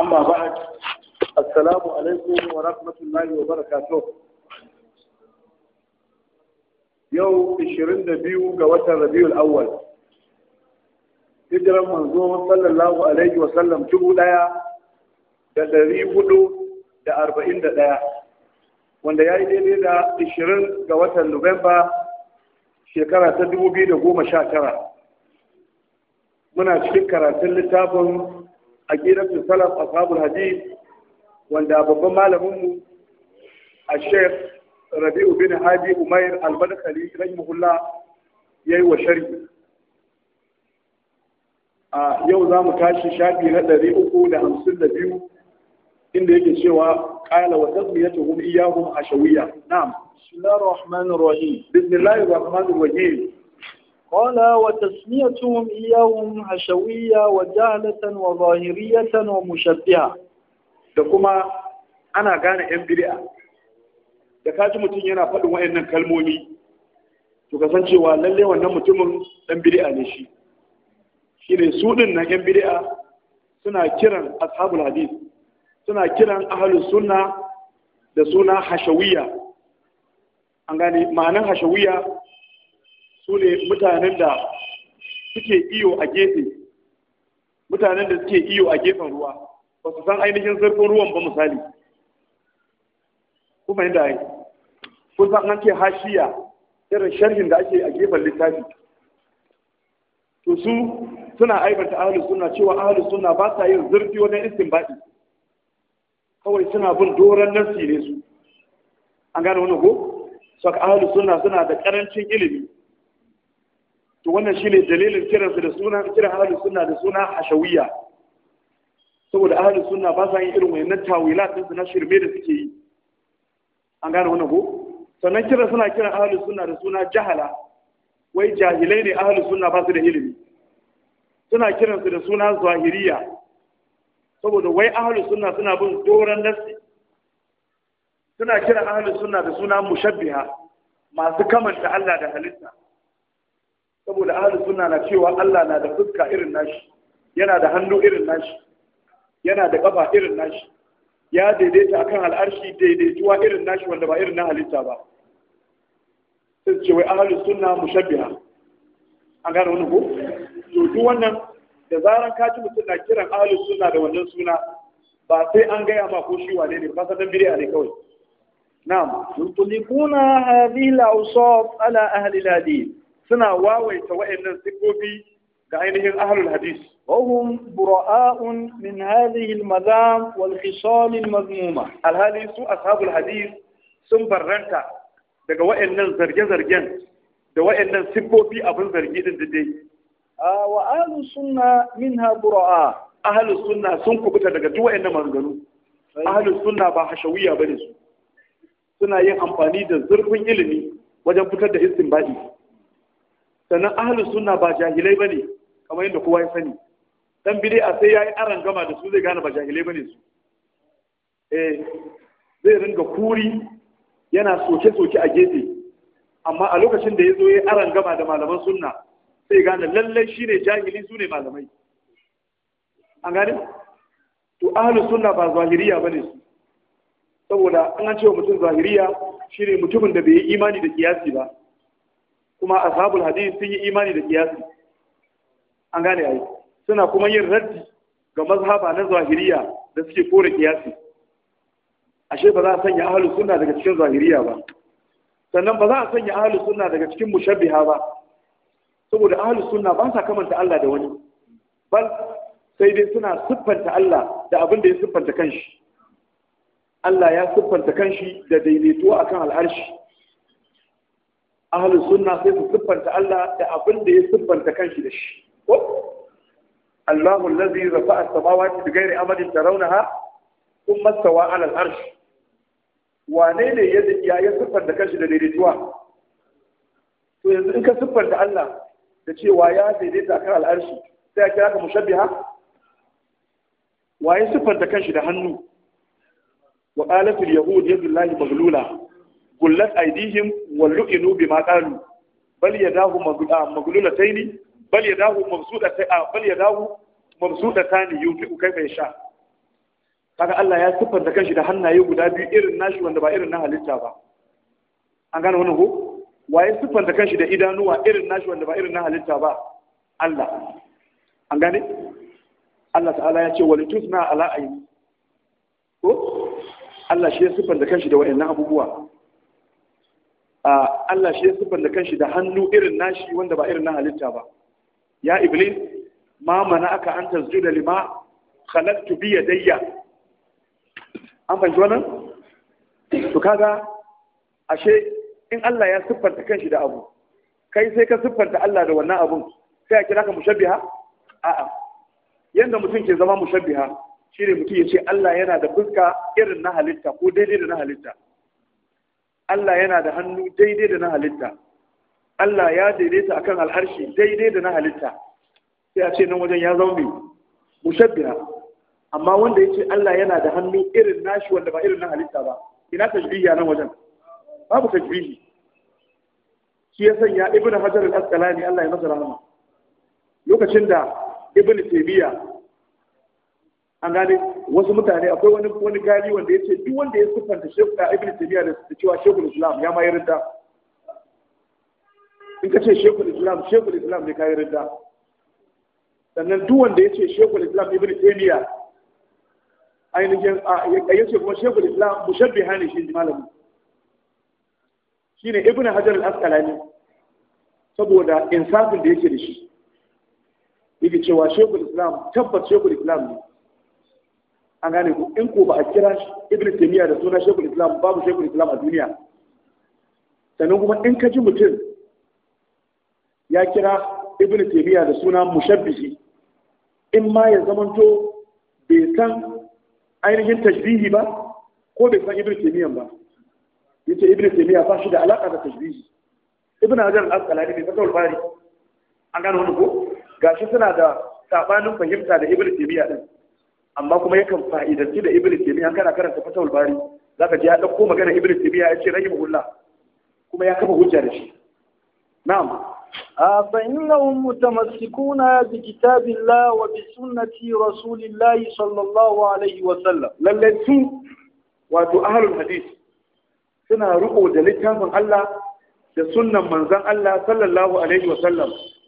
أما بعد السلام عليكم ورحمة الله وبركاته يوم دبيو جوات ربيع الأول hijiran manzo صلى الله عليه dubu ɗaya da دلري hudu da arba'in wanda ya yi daidai da ishirin ga watan nuwamba shekara ta dubu biyu muna cikin karatun littafin aqidatu salaf ashabul hadith wanda babban malamin mu al-sheikh Rabi'u bin Hadi Umair al-Madkhali rahimahullah yayi wa sharhi a yau za mu tashi shafi na ɗari uku da hamsin da biyu inda yake cewa ƙala wa tasmiyatuhum iyyahum ashawiyya na'am bismillahir rahmanir rahim bismillahir rahmanir rahim قال وتسميتهم إياهم حشوية وجهلة وظاهرية ومشبهة كما أنا كان إمبريئة da ka ji mutum yana faɗin wa'annan kalmomi to ka cewa lalle wannan mutumin ɗan bid'a ne shi shi ne su ɗin nan ɗan suna kiran ashabul hadith suna kiran ahlus sunna da suna hashawiyya an gane ma'anan hashawiyya su ne mutanen da suke iyo a gefe mutanen da suke iyo a gefen ruwa ba su san ainihin zurfin ruwan ba misali kuma yadda yi. kun san an ke hashiya irin sharhin da ake a gefen littafi to su suna aibanta ahalus suna cewa ahalus suna ba sa yin zurfi wajen istinbadi kawai suna bin doron nasi ne su an gane wani ko saka ahalus sunna suna da karancin ilimi to wannan shine dalilin su da suna kiran ahlus sunna da suna hashawiyya saboda ahalin sunna ba sa yin irin wayannan tawilat din su na shirme da suke yi an gane wannan ko sannan kiran suna kiran ahalin sunna da suna jahala wai jahilai ne ahalin sunna ba su da ilimi suna kiran su da suna zahiriya saboda wai ahalin sunna suna bin doran nasi suna kiran ahalin sunna da suna mushabbiha masu kamanta Allah da halitta saboda ahalin suna na cewa Allah na da fuska irin nashi yana da hannu irin nashi yana da ƙafa irin nashi ya daidaita kan al'arshi daidaituwa irin nashi wanda ba irin na halitta ba sai ce wai ahlus sunna mushabbiha an gane wani ko to duk wannan da zaran ka ci mutum na kiran ahalin suna da wannan suna ba sai an gaya ma ko shi wane ne ba sanan bid'a ne kawai na'am yuntulikuna hadhihi al-awsaf ala ahli al-hadith suna wawaita wa'annan sifofi ga ainihin ahlul hadis وهم براء من هذه المذام والخصال المذمومة الهالي سوء أصحاب الحديث sun barranta daga wa'annan zarge-zargen da wa'annan siffofi abin zargi din dai wa ahlus sunna minha bura'a ahlus sunna sun kubuta daga duk wa'annan maganganu ahlus sunna ba ne su suna yin amfani da zurfin ilimi wajen fitar da istinbadi sannan ahlus sunna ba jahilai ba ne kamar yadda kowa ya sani dan bid'a sai yi aran gama da su zai gane ba jahilai ne su eh zai ringa kuri yana soke soke a gefe amma a lokacin da ya zo yi aran gama da malaman sunna sai gane lallai shine jahili su ne malamai an gane to ahlus sunna ba zahiriya ne su saboda an ce cewa mutum zahiriya shine mutumin da bai yi imani da kiyasi ba kuma ashabul hadith sun yi imani da kiyasi an gane ai suna kuma yin raddi ga mazhaba na zahiriya da suke kore kiyasi ashe ba za a sanya ahlus sunna daga cikin zahiriya ba sannan ba za a sanya ahlus sunna daga cikin mushabbiha ba saboda ahlus sunna ba sa kamanta Allah da wani bal sai dai suna siffanta Allah da abin da ya siffanta kanshi Allah ya siffanta kanshi da daidaito akan al'arshi ahalin suna sai su siffanta Allah da abin da ya siffanta kanshi da shi ko الله da gairi amalin بغير rauna ha, ثم matsawa على العرش wane ne ya ya siffanta kanshi da daidaituwa to yanzu in ka siffanta Allah da cewa ya daidaita kan al'arshi sai ya kira ka Wa waye siffanta kanshi da hannu wa qalat al yahud yadullahi maglula gullat aidihim wa lu'inu bima qalu bal yadahu ah, maglulataini bal yadahu mabsudatai ah, bal yadahu mabsudatani kai bai sha. kaga Allah ya siffanta kanshi da hannaye guda biyu irin nashi wanda ba irin na halitta ba an gane wannan ko waye siffanta kanshi da idanuwa irin nashi wanda ba irin na halitta ba Allah an gane Allah ta'ala ya ce wal tusna ala ayni ko Allah shi ya siffanta kanshi da wa'annan abubuwa Allah shi ya siffanta kanshi da hannu irin nashi wanda ba irin na halitta ba ya iblis ma mana aka an da lima khalaqtu bi yadayya an fahimci wannan to kaga ashe in Allah ya siffanta kanshi da abu kai sai ka siffanta Allah da wannan abun sai a kira ka mushabbiha a'a yanda mutum ke zama mushabbiha shine mutum ya ce Allah yana da fuska irin na halitta ko daidai da na halitta Allah yana da hannu daidai da na halitta Allah ya daidaita akan al'arshi daidai da na halitta sai a ce nan wajen ya zaune mushabbiha amma wanda ya ce Allah yana da hannu irin nashi wanda ba irin na halitta ba ina tashbihi nan wajen babu tashbihi shi ya sanya ibn hajar al-asqalani Allah ya masa rahama lokacin da ibn taymiya an gane wasu mutane akwai wani wani gari wanda ce duk wanda ya siffanta Sheikh da Ibn tabiya da cewa Sheikhul Islam ya ma yarda in ka ce Sheikhul Islam Sheikhul Islam ne ka yarda sannan duk wanda ce Sheikhul Islam Ibn tabiya ainihin yace kuma Sheikhul Islam mushabbi ne shi malami shine Ibn Hajar al-Asqalani saboda insafin da yake da shi yake cewa Sheikhul Islam tabbat Sheikhul Islam ne an gane ku in ko ba a kira ibn taymiya da sunan shekul islam babu shekul islam a duniya sannan kuma in ka ji mutum ya kira ibn taymiya da suna mushabbihi in ma ya zamanto bai san ainihin tashbihi ba ko bai san ibn taymiya ba yace ibn taymiya ba shi da alaka da tashbihi ibn hajar al-asqalani bai fata bari an gane wannan ko gashi suna da sabanin fahimta da ibn taymiya din amma kuma yakan fa'idanci da ibn taymiya kana karanta fatawul bari zaka ji ya dauko magana ibn ya ce rahimahullah kuma ya kafa hujja da shi na'am فإنهم متمسكون بكتاب الله وبسنة رسول الله صلى الله عليه وسلم للتو واتو أهل wato ahlul رؤو suna الله da sunnan manzan Allah sallallahu alaihi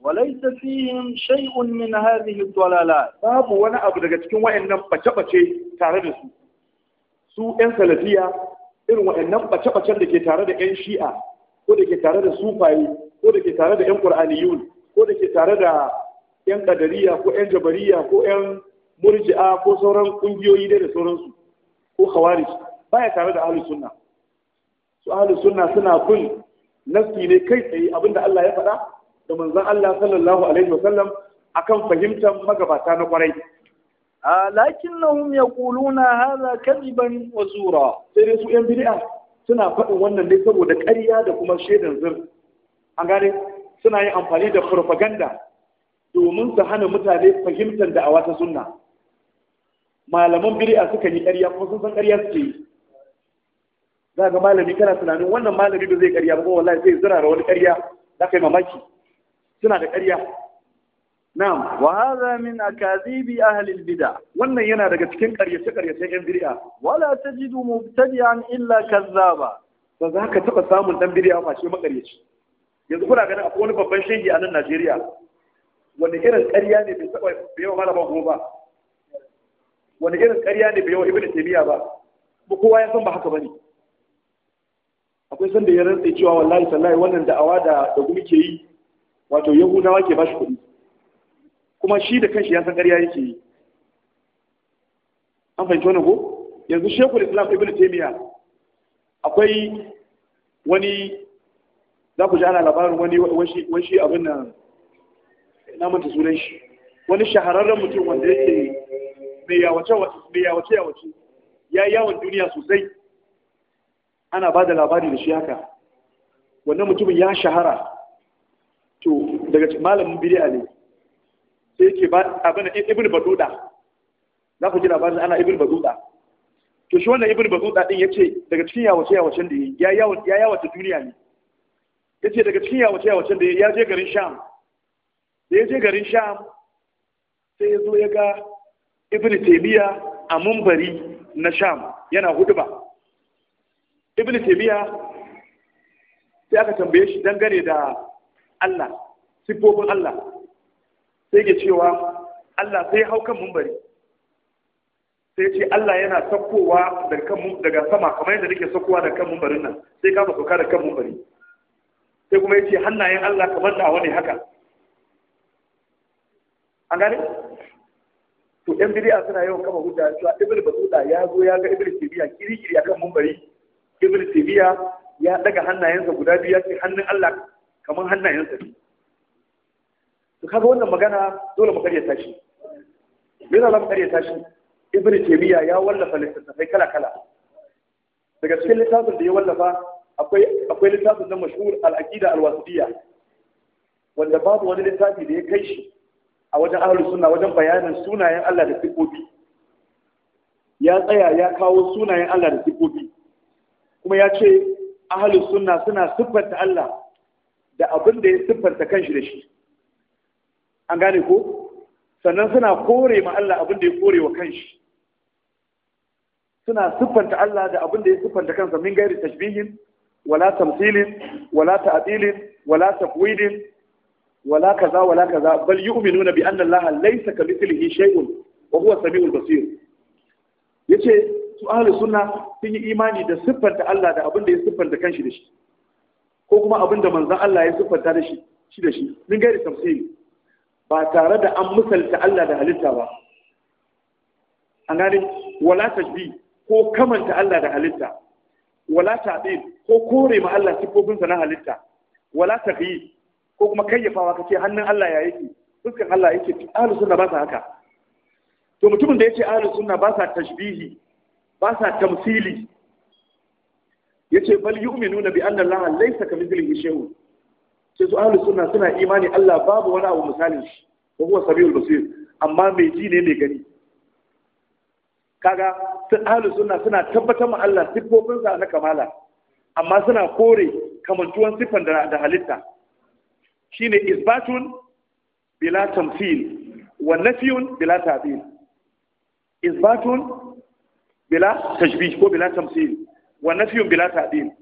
وليس فيهم شيء من هذه الضلالات باب wani abu daga cikin wayannan bace-bace tare da su su ɗan salafiya irin wayannan bace-bacen da ke tare da ƴan shi'a ko da ke tare da sufaye ko da ke tare da ƴan qur'aniyun ko da ke tare da ƴan qadariya ko ƴan jabariya ko ƴan murji'a ko sauran kungiyoyi dai da sauransu ko khawarij baya tare da ahlus sunna su ahlus sunna suna kun nasi ne kai tsaye abinda Allah ya faɗa da manzon Allah sallallahu alaihi wasallam akan fahimtar magabata na kwarai lakinnahum yaquluna haza kadiban wa zura sai dai su yan bid'a suna faɗin wannan dai saboda ƙarya da kuma shaidan zir an gane suna yin amfani da farfaganda domin su hana mutane fahimtar da wata sunna malaman bid'a suka yi ƙarya kuma sun san ƙarya suke yi za ga malami kana tunanin wannan malami ba zai ƙarya ba wallahi zai zira wani ƙarya za ka yi mamaki suna da ƙarya na'am wa hadha min akazibi ahli albid'a wannan yana daga cikin ƙaryace ƙaryace yan bid'a wala tajidu mubtadi'an illa kazzaba ba za ka taɓa samun ɗan bid'a ba shi makaryaci yanzu kuna ganin akwai wani babban shehi a nan Najeriya wani irin ƙarya ne bai taɓa bai yawa malama goma ba wani irin ƙarya ne bai yawa ibnu taymiya ba ba kowa ya san ba haka bane akwai sanda ya rantsa cewa wallahi sallahi wannan da'awa da da gumi ke yi wato yahudawa ke ba shi kuɗi kuma shi da kanshi ya san ƙarya yake yi an fahimci wani ko yanzu shekul islam ibn taimiya akwai wani za ku ji ana labarin wani wani abin nan na manta sunan shi wani shahararren mutum wanda yake mai yawace yawace ya yawon duniya sosai ana ba da labari da shi haka wannan mutumin ya shahara to daga cikin malamin bid'a ne sai yake ba abin ibn baduda za ku ji labarin ana ibn baduda to shi wannan ibn baduda din yace daga cikin yawace yawacen da ya yawo ya yawo ta duniya ne yace daga cikin yawace yawacen da ya je garin sham da ya je garin sham sai ya zo ya ga ibn taymiya a mumbari na sham yana hudba ibn taymiya sai aka tambaye shi dangane da Allah siffofin Allah sai ke cewa Allah sai hau kan mumbari sai ce Allah yana sakkowa daga sama kamar yadda nake sakkowa daga kan mumbarin nan sai ka sauka daga kan mumbari sai kuma ya ce hannayen Allah kamar da wani haka an gane to yan bidiya suna yawan kama hujja cewa ibnu batuta ya zo ya ga ibnu tibiya a akan mumbari ibnu tibiya ya daga hannayensa guda biyu ya ce hannun Allah kamar hannayen ne to kaga wannan magana dole mu karyata shi yana yasa mu karyata shi ibnu ya wallafa littattafai kala kala daga cikin littafin da ya wallafa akwai akwai littafin na mashhur al-aqida al-wasitiyya wanda babu wani littafi da ya kai shi a wajen ahlus sunna wajen bayanin sunayen Allah da sifofi ya tsaya ya kawo sunayen Allah da sifofi kuma ya ce ahlus sunna suna siffanta Allah da abin da ya siffanta kanshi da shi an gane ko sannan suna kore ma Allah abin da ya kore wa kanshi suna siffanta Allah da abin da ya siffanta kansa min gairi tashbihin wala tamthilin wala ta'dilin wala takwidin, wala kaza wala kaza bal yu'minuna bi anna Allah laysa mithlihi shay'un wa huwa samiul basir yace su ahli sunna sun yi imani da siffanta Allah da abin da ya siffanta kanshi da shi ko kuma abinda manzan Allah ya siffanta da shi shi da shi min gairi tafsiri ba tare da an misalta Allah da halitta ba an gane wala tajbi ko kamanta Allah da halitta wala ta'dil ko kore ma Allah sa na halitta wala taghyir ko kuma kayyafawa kace hannun Allah ya yake fuskan Allah yake ahlus sunna ba sa haka to mutumin da yace ahlus sunna ba sa tashbihi ba sa tamsili yace bal yu'minuna bi anna allaha laysa kamithlihi shay'un sai su ahlus sunna suna imani Allah babu wani abu misalin shi ko huwa sabiul basir amma mai ji ne mai gani kaga sun ahlus sunna suna tabbatar ma Allah siffofin sa na kamala amma suna kore kamantuwan siffan da halitta shine isbatun bila tamthil wa nafiyun bila ta'dil isbatun bila tashbih ko bila tamthil wa nafiyun bila ta'dil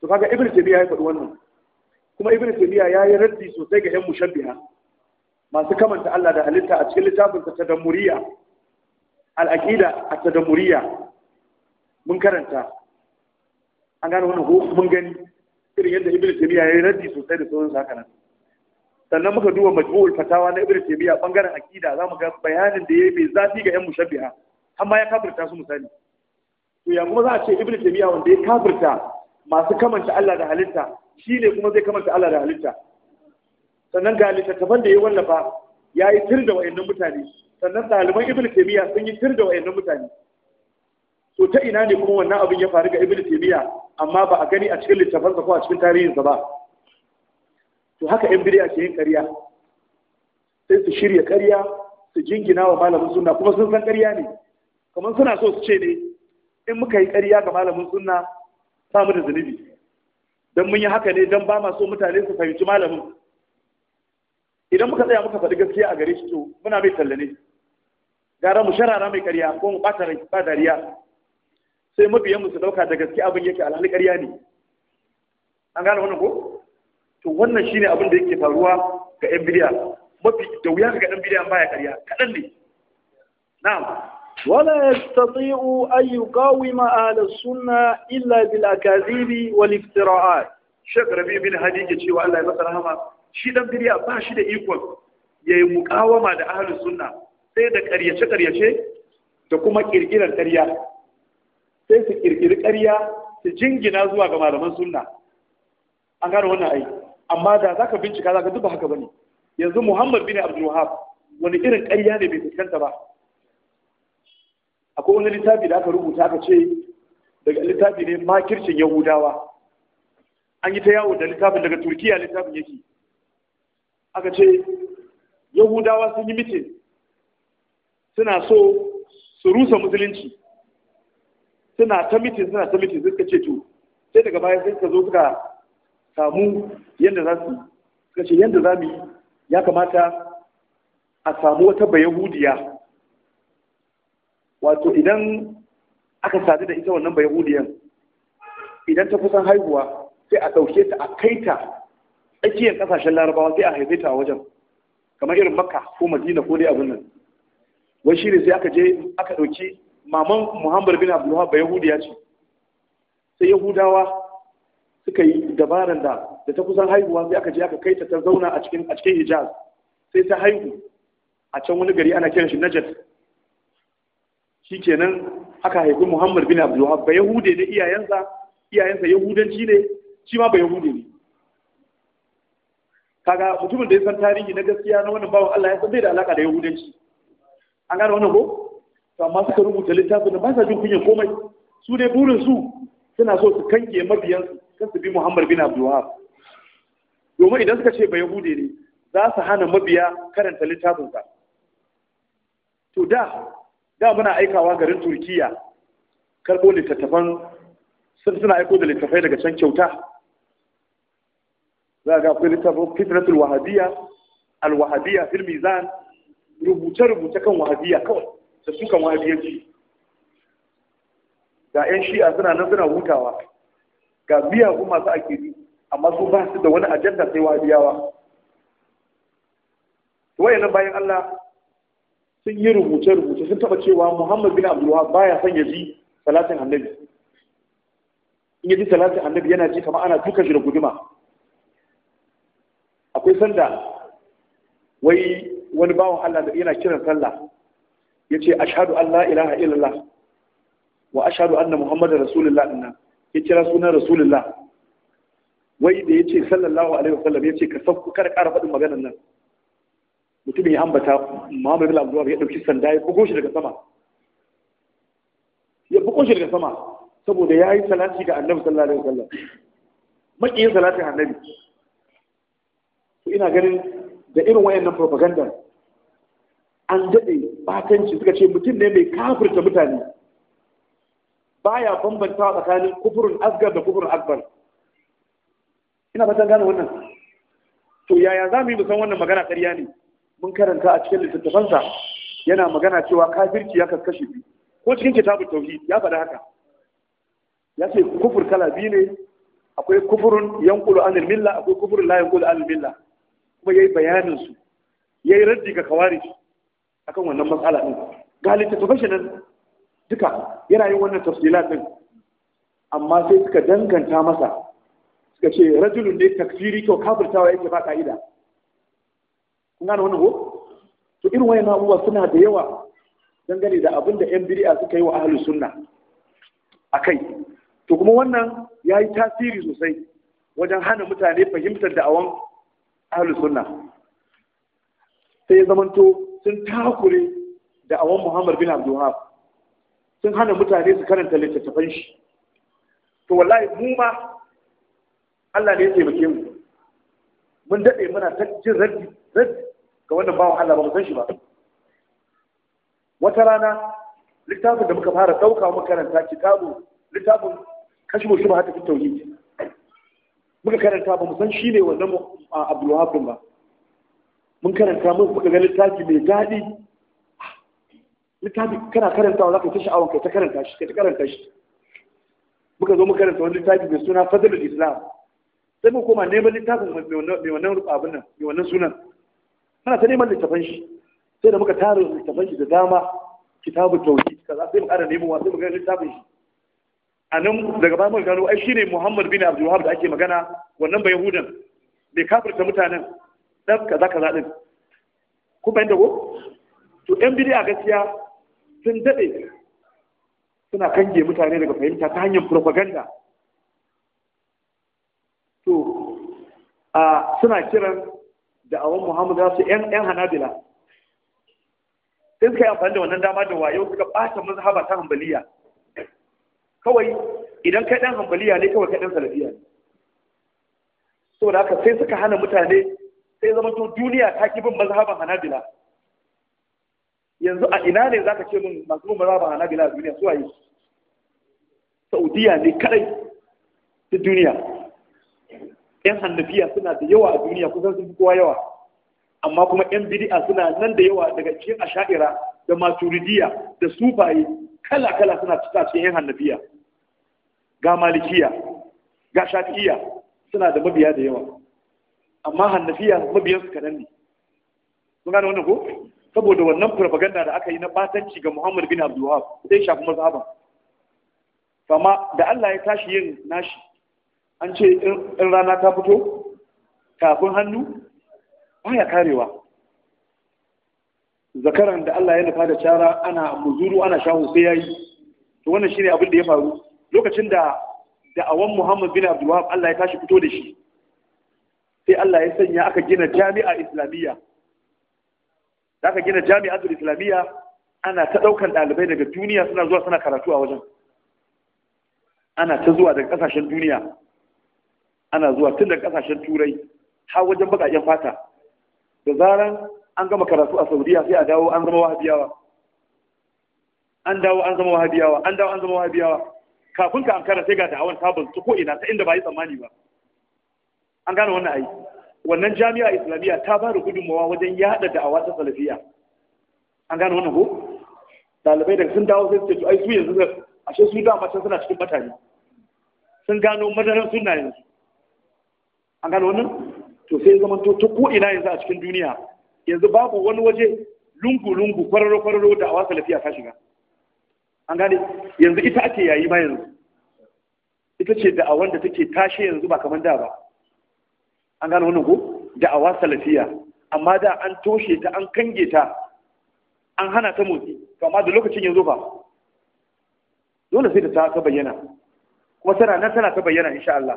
to kaga ibn tabiya ya faɗi wannan kuma ibn tabiya ya yi raddi sosai ga yan mushabbiha masu kamanta Allah da halitta a cikin littafin ta tadammuriya al-aqida at-tadammuriya mun karanta an gane wannan ko mun gani irin yadda ibn tabiya ya yi raddi sosai da sauran sakanan sannan muka duba majmu'ul fatawa na ibn tabiya bangaren aqida zamu ga bayanin da yayi mai zafi ga yan mushabbiha amma ya kafirta su misali to ya kuma za a ce ibnu tabiya wanda ya kafirta masu kamanta Allah da halitta shi ne kuma zai kamanta Allah da halitta sannan ga littattafan da ya wallafa ya yi tir da wayannan mutane sannan ɗaliban ibn taymiya sun yi tir da wayannan mutane to ta ina ne kuma wannan abin ya faru ga ibn taymiya amma ba a gani a cikin littafansa ko a cikin sa ba to haka yan bid'a ke yin ƙarya sai su shirya ƙarya su jingina wa malamin suna, kuma sun san ƙarya ne kamar suna so su ce ne in muka yi ƙarya ga malamin sunna ba mu da zunubi don mun yi haka ne don ba ma so mutane su fahimci malamin idan muka tsaya muka faɗi gaskiya a gare shi to muna mai talla ne gara mu sharara mai ƙarya ko mu ɓata rai ba dariya sai mu su ɗauka da gaskiya abin yake alhali ƙarya ne an gane wannan ko to wannan shine abin da yake faruwa ga yan bidiya mafi da wuya ga ɗan bidiya baya ƙarya kaɗan ne na'am ولا يستطيع أن يقاوم أهل السنة إلا بالأكاذيب والافتراءات شيخ ربيع بن هديجة شيء الله يمسر هما شيء دم دريا باشي ده إيكوان يأي أهل السنة سيدا كريا شيء كريا شيء تقوم كرجل كريا سيدا su كريا ƙarya نازوا كما رمان سنة malaman هنا أي أما wannan ai amma da zaka bincika zaka محمد بن عبد الوهاب wani irin ƙarya ne bai fuskanta ba akwai wani littafi da aka rubuta aka ce daga littafi ne makircin yahudawa an yi ta yawo da littafin daga turkiya littafin yake aka ce yahudawa sun yi mitin suna so su rusa musulunci suna ta mitin suna ta mitin suka ce to sai daga baya sai suka zo suka samu yadda za su suka ce yadda za mu yi ya kamata a samu wata bayahudiya wato idan aka sadu da ita wannan bayahudiyan idan ta kusan haihuwa sai a ɗauke ta a kai ta tsakiyar ƙasashen larabawa sai a haife ta a wajen kamar irin makka ko madina ko dai abin nan wai shi ne sai aka je aka ɗauki maman muhammad bin abdullahi ba yahudiya ce sai yahudawa suka yi dabaran da da ta kusan haihuwa sai aka je aka kai ta ta zauna a cikin a cikin hijaz sai ta haihu a can wani gari ana kiran shi najat shikenan aka haifi Muhammad bin Abdul Wahab ba Yahude ne iyayensa iyayensa Yahudanci ne shi ma ba Yahude ne kaga mutumin da ya san tarihi na gaskiya na wannan bawan Allah ya san bai da alaka da Yahudanci an gane wannan ko to amma suka rubuta littafin ba sa jin kunya komai su dai burin su suna so su kanke mabiyansu kan su bi Muhammad bin Abdul Wahab domin idan suka ce ba Yahude ne za su hana mabiya karanta littafinsa to da da muna aikawa garin turkiya karɓo littattafan sun suna aiko da littattafai daga can kyauta za ga akwai littattafan fitnatul wahabiyya al-wahabiyya fil mizan rubuce-rubuce kan wahabiyya kawai da su kan wahabiyyanci ga 'yan shi'a suna nan suna hutawa ga miyagun masu akidi amma su ba su da wani ajanda sai wahabiyawa wayannan bayan Allah sun yi rubuce-rubuce sun taba cewa Muhammad bin Abdul baya son ya ji salatin annabi in ya ji salatin annabi yana ji kama ana duka shi da guduma akwai sanda wai wani bawan Allah da yana kiran sallah ya ce a ashadu Allah ilaha illallah wa a ashadu anna Muhammadu Rasulullah ɗin ya kira sunan Rasulullah wai da ya ce sallallahu alaihi wasallam ya ce ka sauko kada ƙara faɗin maganar nan mutumin ya ambata Muhammad bin Abdullah ya dauki sanda ya bugo shi daga sama ya bugo shi daga sama saboda ya yi salati ga Annabi sallallahu alaihi wasallam makiyin salatin Annabi ko ina ganin da irin wayannan propaganda an dade batanci suka ce mutum ne mai kafirta mutane baya bambanta tsakanin kufurin asgar da kufurin akbar ina fatan gane wannan to yaya za mu yi musan wannan magana ƙarya ne mun karanta a cikin littattafansa yana magana cewa kafirci ya kaskashe biyu ko cikin kitabun tauhid ya faɗa haka ya ce kufur kala biyu ne akwai kufurun yankulu anil milla akwai kufurun la yankulu anil milla kuma yayi bayanin su yayi raddi ga kawarij akan wannan matsala din ga littattafan shi nan duka yana yin wannan tafsilat din amma sai suka danganta masa suka ce rajulun ne takfiri to kafirtawa yake ba ka'ida kun gane wannan ko to irin na abubuwa suna da yawa dangane da abin da yan biri'a suka yi wa ahli sunna kai. to kuma wannan ya yi tasiri sosai wajen hana mutane fahimtar da awon ahli sunna sai ya zamanto sun takure awon Muhammad bin Abdul sun hana mutane su karanta littattafan shi to wallahi mu ma Allah ne ya taimake mu mun daɗe muna ta jin raddi raddi ga wannan bawan Allah ba mu san shi ba wata rana littafin da muka fara dauka muka karanta kitabu littafin kashfu shubha ta tauhid muka karanta ba mu san shi ne wannan Abdul Wahab ba mun karanta mun muka ga littafi mai daɗi littafi kana wa zaka ta sha'awar kai ta karanta shi kai ta karanta shi muka zo muka karanta wani littafi mai suna Fadlul Islam sai mu koma neman littafin mai wannan abin nan mai wannan sunan kana ta neman littafan shi sai da muka tara littafan shi da dama kitabu tauhid kaza sai mu neman wa, sai muka ga littafin shi Anan daga baya muka gano ai shine Muhammad bin Abdul Wahhab da ake magana wannan ba Yahudan bai kafirta mutanen dan kaza kaza din ku bayan da ko to yan bid'a gaskiya sun dade suna kange mutane daga fahimta ta hanyar propaganda to a suna kiran da awon muhammad za su yan yan hanabila sai suka yi amfani da wannan dama da wayo suka ɓata mazhaba ta hambaliya kawai idan kai ɗan hambaliya ne kawai kai ɗan salafiya saboda haka sai suka hana mutane sai zama to duniya ta ki bin mazhaban hanabila yanzu a ina ne zaka ce min masu bin mazhaban hanabila a duniya su waye saudiya ne kadai ta duniya yan hannafiya suna da yawa a duniya kusan sun fi kowa yawa amma kuma yan bid'a suna nan da yawa daga cikin asha'ira da maturidiya da sufaye kala kala suna cika cikin yan hannafiya ga malikiya ga shafi'iya suna da mabiya da yawa amma hannafiya mabiyan su kanan ne kun gane wannan ko saboda wannan propaganda da aka yi na batanci ga Muhammad bin Abdul Wahab sai shafi mazhaban fama da Allah ya tashi yin nashi an ce in rana ta fito kafin hannu ya karewa zakaran da Allah ya nufa da cara ana muzuru ana shahu sai yayi to wannan shine abin da ya faru lokacin da da'awan Muhammad bin Abdul Wahab Allah ya tashi fito da shi sai Allah ya sanya aka gina jami'a islamiyya da aka gina ta islamiyya ana ta daukan dalibai daga duniya suna zuwa suna karatu a wajen ana ta zuwa daga kasashen duniya ana zuwa tun da kasashen turai har wajen bakaken fata da zaran an gama karatu a saudiya sai a dawo an zama wahabiyawa an dawo an zama wahabiyawa an dawo an zama wahabiyawa kafin ka ankara sai ga da'awar sabon ta ko ina ta inda ba yi tsammani ba an gane wannan ai wannan jami'a islamiyya ta ba da gudunmawa wajen yada da'awa ta salafiya an gane wannan ko dalibai da sun dawo sai su ce to ai su yanzu ashe su da ma suna cikin mutane sun gano madaran sunna yanzu an gano wannan to sai zama to ta ko ina yanzu a cikin duniya yanzu babu wani waje lungu lungu kwararo kwararo da awa salafiya ta shiga an gane yanzu ita ake yayi ma yanzu ita ce da awon da take tashe yanzu ba kamar da ba an gane wannan ko da awa salafiya amma da an toshe ta an kange ta an hana ta motsi to amma da lokacin yanzu ba dole sai ta ta bayyana kuma tana nan tana ta bayyana insha Allah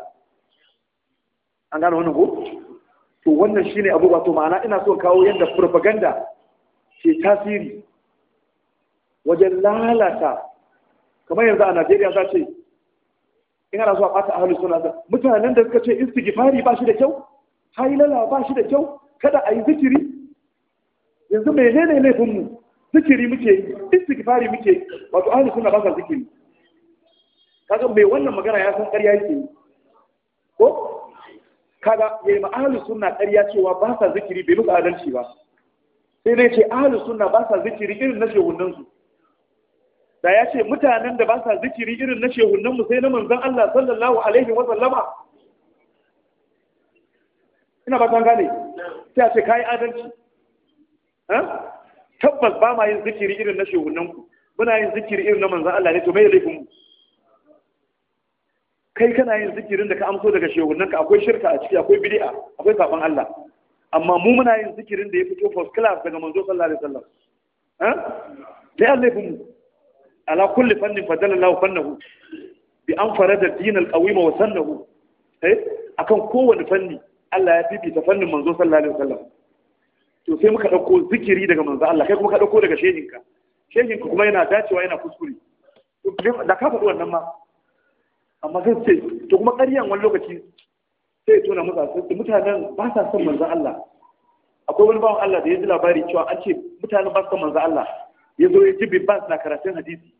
an gane wannan ko to wannan shine abu wato ma'ana ina so kawo yadda propaganda ke tasiri wajen lalata kamar yanzu a Najeriya za ce in ana so a ɓata ahalus suna da mutanen da suka ce istighfari ba shi da kyau hailala ba shi da kyau kada a yi zikiri yanzu menene laifinmu zikiri muke istighfari muke wato ahalus suna ba sa zikiri kaga mai wannan magana ya san ƙarya yake ko kaga yayi ma ahlus sunna ƙarya cewa ba sa zikiri bai muka adalci ba sai dai ce ahlus sunna ba sa zikiri irin na shehunan su da ya ce mutanen da ba sa zikiri irin na shehunan mu sai na manzon Allah sallallahu alaihi wa sallama ina ba tan gane sai a ce kai adalci tabbas ba ma yin zikiri irin na shehunan ku muna yin zikiri irin na manzon Allah ne to mai laifin mu kai kana yin zikirin da ka amso daga shehunan ka akwai shirka a ciki akwai bid'a akwai sabon Allah amma mu muna yin zikirin da ya fito first class daga manzo sallallahu alaihi wasallam eh dai Allah ya mu ala kulli fannin fadala Allah fannahu bi an farada din al-qawima wa sannahu eh akan kowane fanni Allah ya fifita fannin manzo sallallahu alaihi wasallam to sai muka dauko zikiri daga manzo Allah kai kuma ka dauko daga shehinka shehinka kuma yana dacewa yana kuskure da ka faɗi wannan ma amma zai ce to kuma ƙaryan wani lokaci sai tona masa sai mutanen ba sa son manzan Allah akwai wani bawan Allah da ya ji labari cewa an ce mutanen ba sa son manzan Allah ya zo ya ji ba na karatun hadisi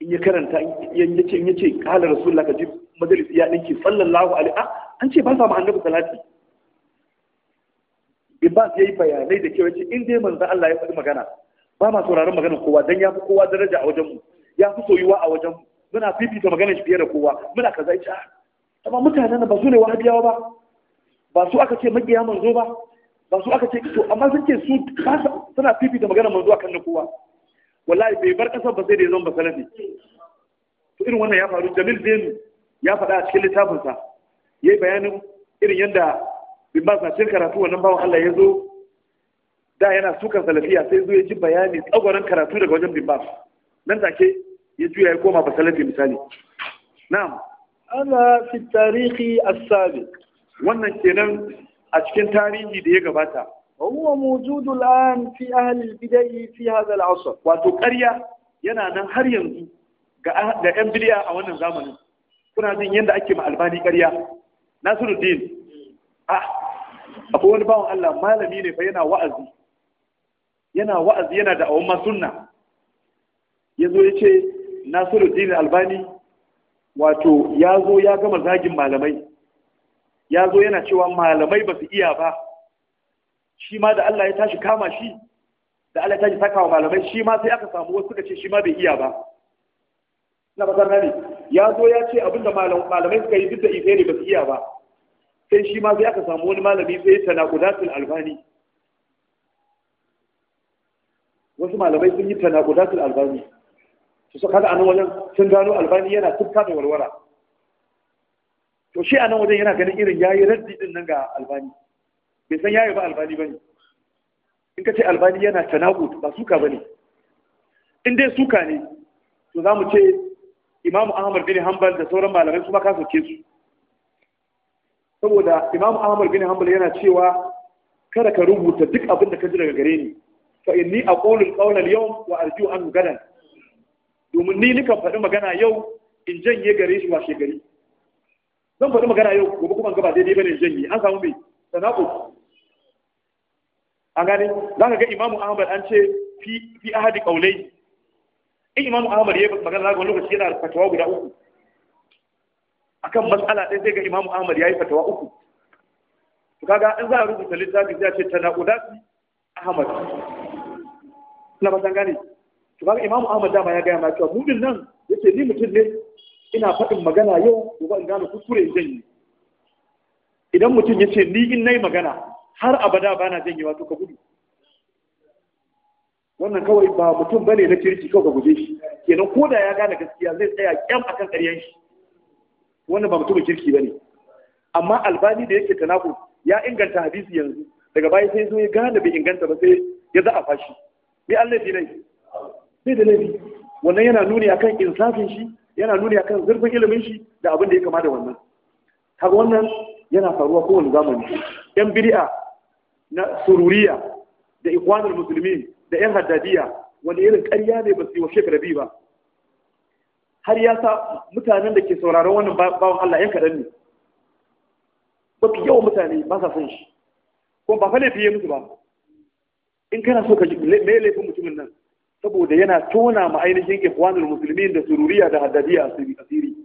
in ya karanta in ya ce in ya ce kala rasulullah ka ji Majalis' ya dinki sallallahu alaihi an ce ba sa ma annabi salati ya yi bayanai da cewa in dai manzan Allah ya faɗi magana ba ma sauraron maganar kowa dan ya fi kowa daraja a wajen mu ya fi soyuwa a wajen mu muna fifita maganar shi fiye da kowa muna kaza ita ah, amma mutanen ba su ne wahabiyawa ba ba su aka ce makiya manzo ba ba su aka ce to amma sun ce su suna fifita maganar manzo akan na kowa wallahi bai bar kasar ba sai da ya ba salafi to irin wannan ya faru jamil zainu ya faɗa a cikin littafinsa ya yi bayanin irin yadda bin ba sa cikin karatu wannan bawan Allah ya zo da yana sukan salafiya sai zo ya ji bayani tsagoran karatu daga wajen bin ba nan take ya juya ya koma basalafi misali na'am ana fi tarihi as wannan kenan a cikin tarihi da ya gabata huwa mawjudu al fi ahli al-bid'ah fi hadha al-asr wato ƙarya yana nan har yanzu ga ga yan bid'a a wannan zamanin kuna jin yadda ake ma albani ƙarya nasiruddin mm. a ah, akwai wani bawan Allah malami ne fa yana wa'azi yana wa'azi yana da awon masunna ya zo ya ce nasiruddin albani wato ya zo ya gama zagin malamai ya zo yana cewa malamai ba su iya ba shi ma da Allah ya tashi kama shi da Allah ya tashi saka wa malamai shi ma sai aka samu wasu suka ce shi ma bai iya ba na fasar nani ya zo ya ce abinda malamai suka yi duk da ife ne ba su iya ba sai shi ma sai aka samu wani malami sai ya tanakudatul albani wasu malamai sun yi tanakudatul albani su kaga anan wajen sun gano albani yana tukka da warwara to shi anan wajen yana ganin irin yayi raddi din nan ga albani bai san yayi ba albani bane in ka ce albani yana tanaqut ba suka bane in dai suka ne to zamu ce imamu ahmad bin hanbal da sauran malamai su ma ka soke su saboda imamu ahmad bin hanbal yana cewa kada ka rubuta duk abin da ka ji daga gare ni fa inni aqulu al-qawla al-yawm wa arju an gadan domin ni nikan faɗi magana yau in janye gare shi washe gari zan faɗi magana yau gobe kuma gaba daidai bane in janye an samu mai sana'o an gane za ka ga imamu ahmad an ce fi ahadi kaulai in imamu ahmad ya magana za wani lokaci yana fatawa guda uku akan matsala ɗaya sai ga imamu ahmad ya yi fatawa uku to kaga in za a rubuta littafi sai a ce tanaqudati ahmad na ba san gane kamar Imam Ahmad dama ya gaya ma cewa mu nan yace ni mutum ne ina faɗin magana yau gobe in gane kuskure in janye idan mutum yace ni in nayi magana har abada bana janyewa wato ka gudu wannan kawai ba mutum bane na kirki kawai ka guje shi kenan ko da ya gane gaskiya zai tsaya kyam akan ƙaryan shi wannan ba mutumin kirki bane amma albani da yake tanaku ya inganta hadisi yanzu daga baya sai zo ya gane bai inganta ba sai ya za a fashi ni Allah ne sai da laifi wannan yana nuni akan insafin shi yana nuni akan zurfin ilimin shi da abin da ya kama da wannan kaga wannan yana faruwa kowane zamani yan bid'a na sururiya da ikwanul musulmi da yan haddadiya wani irin ƙarya ne ba su yi wa shekara biyu ba har ya sa mutanen da ke sauraron wannan bawan Allah yan kaɗan ne mafi yawan mutane ba sa son shi kuma ba fa laifi ya mutu ba in kana so ka ji laifin mutumin nan saboda yana tona ma ainihin ikwanul musulmin da sururiya da haddadiya asiri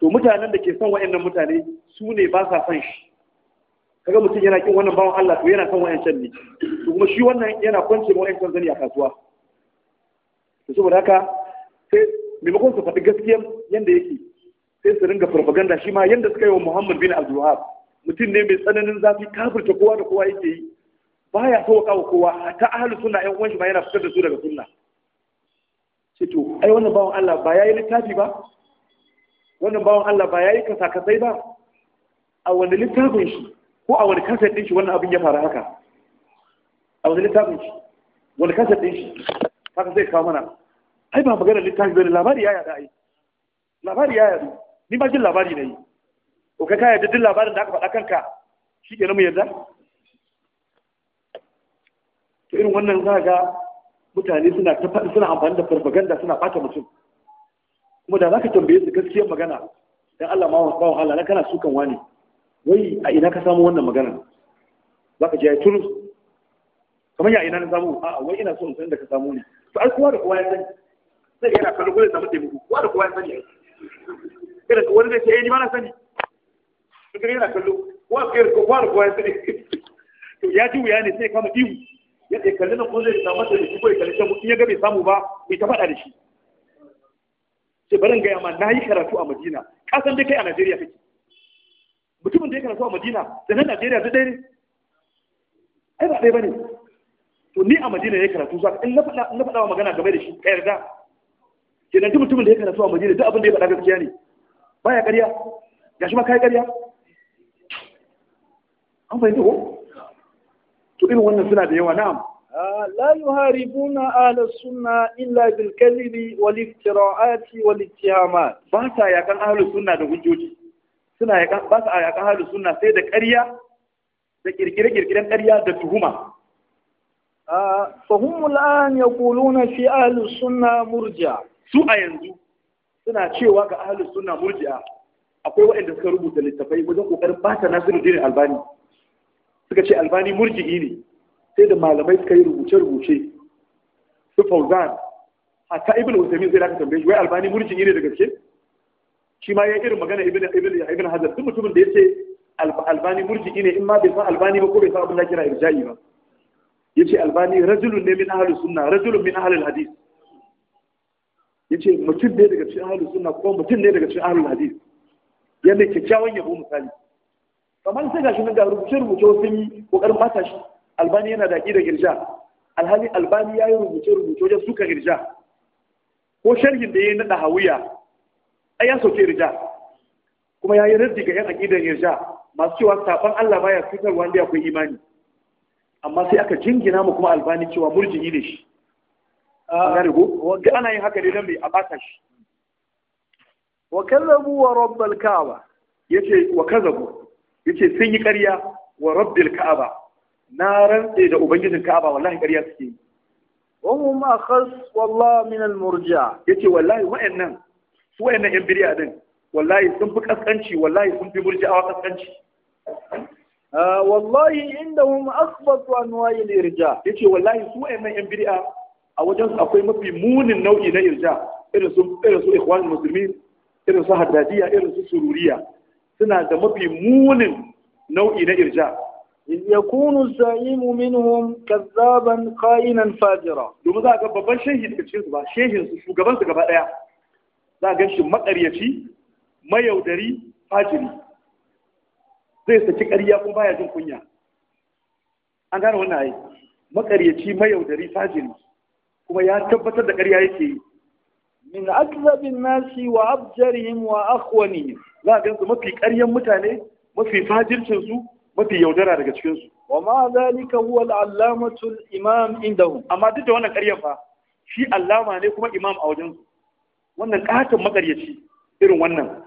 to mutanen da ke son wa'annan mutane su ne ba sa son shi kaga mutum yana kin wannan bawan Allah to yana son wa'ancan ne to kuma shi wannan yana kwance ma wa'ancan zani a kasuwa to saboda haka sai maimakon su faɗi gaskiya yanda yake sai su ringa farfaganda shi ma yanda suka yi wa Muhammad bin Abdul Wahab mutum ne mai tsananin zafi kafirta kowa da kowa yake yi baya so kawo kowa ta ahlus sunna ɗan uwan shi yana fitar da su daga sunna ce to ai wannan bawan Allah ba yayi littafi ba wannan bawan Allah ba yayi kasakasai ba a wani littafin shi ko a wani kasar din shi wannan abin ya faru haka a wani littafin shi wani kasar din shi haka zai kawo mana ai ba magana littafi bane labari ya yada ai labari ya yadu ni ma jin labari ne ko kai ka yadda duk labarin da aka faɗa kanka shi ke mu yadda to irin wannan za ga mutane suna ta faɗi suna amfani da farfaganda suna ɓata mutum kuma da za ka tambaye su gaskiyar magana dan Allah ma ba wahala na kana sukan wani wai a ina ka samu wannan magana za ka ji ya turu kamar ya ina na samu a wai ina so in san da ka samu ne to ai kowa da kowa ya sani sai yana kallon ko ya samu taimako kowa da kowa ya sani kada ka wani zai ce eh ni ma na sani to kai yana kallo kowa da kowa ya sani to ya ji wuya ne sai kama ihu ya ce kalli nan ko zai samu masa da shi ko ya kalli in ya ga bai samu ba bai ta faɗa da shi sai barin gaya ma na yi karatu a madina kasan dai kai a najeriya kake mutumin da ya karatu a madina da nan najeriya duk ɗaya ne ai ba ɗaya ba ne to ni a madina ya karatu za in na faɗa wa magana game da shi ka yarda kenan duk mutumin da ya karatu a madina duk abin da ya faɗa gaskiya ne baya ƙarya gashi ma kai ƙarya an fahimta ko to irin wannan suna da yawa na? na'am ah, la yuharibuna ahla sunna illa bil kadhibi wal iftira'ati wal ittihamat ba ta yakan ahla suna da hujjoji suna yakan ba ta yakan ahla suna sai da ƙarya da kirkire kirkiren ƙarya da tuhuma ah, fahum Kulu na fi ahli suna murja. su a yanzu suna cewa ga ahli suna murja. akwai waɗanda suka rubuta littafai wajen kokarin bata jirin Albani suka ce albani murji'i ne sai da malamai suka yi rubuce-rubuce su fauzan hatta ibn usaimin zai da aka tambaye wai albani murji'i ne da gaske shi ma ya irin magana ibn ibn ibn hazar duk mutumin da yace albani murji'i ne in ma bai san albani ba ko bai san abin da kira irja'i ba yace albani rajulun ne min ahlus sunna rajulun min ahlul hadith yace mutum ne daga cikin ahlus sunna ko mutum ne daga cikin ahlul hadith yana kyakkyawan yabo misali kamar sai gashi nan ga rubuce rubuce sun yi kokarin mata shi albani yana da da girja alhali albani ya yi rubuce rubuce wajen suka girja ko sharhin da ya yi na dahawiya ai ya sauke girja. kuma ya yi raddi ga yan aƙidar girja masu cewa saban Allah baya fitar wanda akwai imani amma sai aka jingina mu kuma albani cewa murji'i ne shi ana yin haka ne don mai abata shi wa kazabu wa rabbal kaaba yace wa kazabu yace sun yi ƙarya wa rabbil ka'aba na rantse da ubangijin ka'aba wallahi ƙarya suke yi wa ma akhas wallahi min al murji'a yace wallahi wa'annan su wa'annan yan biriya din wallahi sun fi kaskanci wallahi sun fi murji'awa kaskanci ah, wallahi indahum asbatu anwa'i al irja yace wallahi su wa'annan yan biriya, a wajen su akwai mafi munin nau'i na irja irin su irin su ikhwan muslimin irin su haddadiya irin su sururiya suna da mafi munin nau'i na irja إذ يكون sa'imu minhum kazzaban qa'inan fajira domin za ga babban shehi daga cikin su ba shehin su shugaban su gaba daya za ga shi makaryaci mayaudari fajiri zai saki ƙarya kuma baya jin kunya an gane wannan ai makaryaci mayaudari fajiri kuma ya tabbatar da ƙarya yake yi min akzabin nasi wa abjarihim wa akhwanihim za a gansu mafi ƙaryan mutane mafi fajircin su mafi yaudara daga cikin su wa ma zalika huwa al-allamatu al-imam indahum amma duk da wannan ƙaryan fa shi allama ne kuma imam a wajen su wannan katon makaryaci irin wannan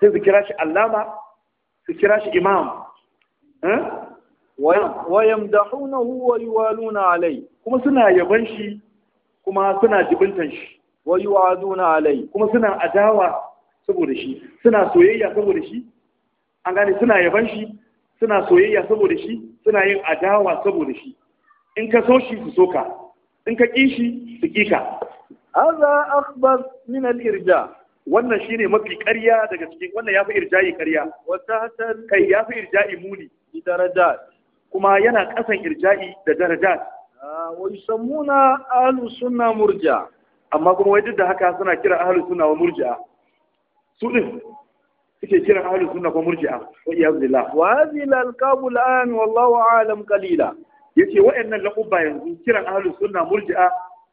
sai su kira shi allama su kira shi imam eh? wa yamdahunahu wa yuwaluna alai kuma suna yaban shi kuma suna jibintan shi wa yu'aduna alai kuma suna adawa saboda shi suna soyayya saboda shi an gane suna yaban shi suna soyayya saboda shi suna yin adawa saboda shi in ka so shi su so ka in ka ƙi shi su ƙi ka hadha akhbar min al-irja wannan shine mafi ƙarya daga cikin wannan yafi irja'i ƙarya wata kai yafi irja'i muni bi darajat kuma yana ƙasan irja'i da darajat ah, wa yusammuna ahlus sunna murja amma kuma wai duk da haka suna kira ahlus sunna wa murji'a su din suke kira ahlus sunna ko murji'a wa iyaz billah wa hadhihi al-alqab al-an wallahu a'lam qalila yace wa'annan laqaba yanzu kiran ahlus sunna murji'a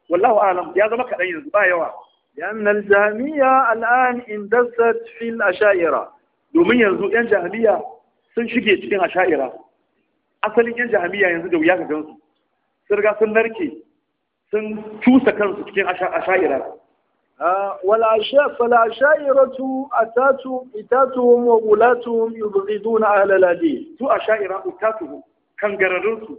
wallahu a'lam ya zama kadan yanzu ba yawa لأن الجهمية الآن اندست في الأشاعرة domin yanzu ‘yan jahiliya sun shige cikin asha'ira asalin ‘yan jahiliya yanzu da wuya ka gansu sun sun narke sun cusa kansu cikin asha'ira ah, wala sha fala sha'iratu atatu itatuhum wa gulatuhum yubghiduna na alalade. hadith su asha'ira itatuhum kangararrun su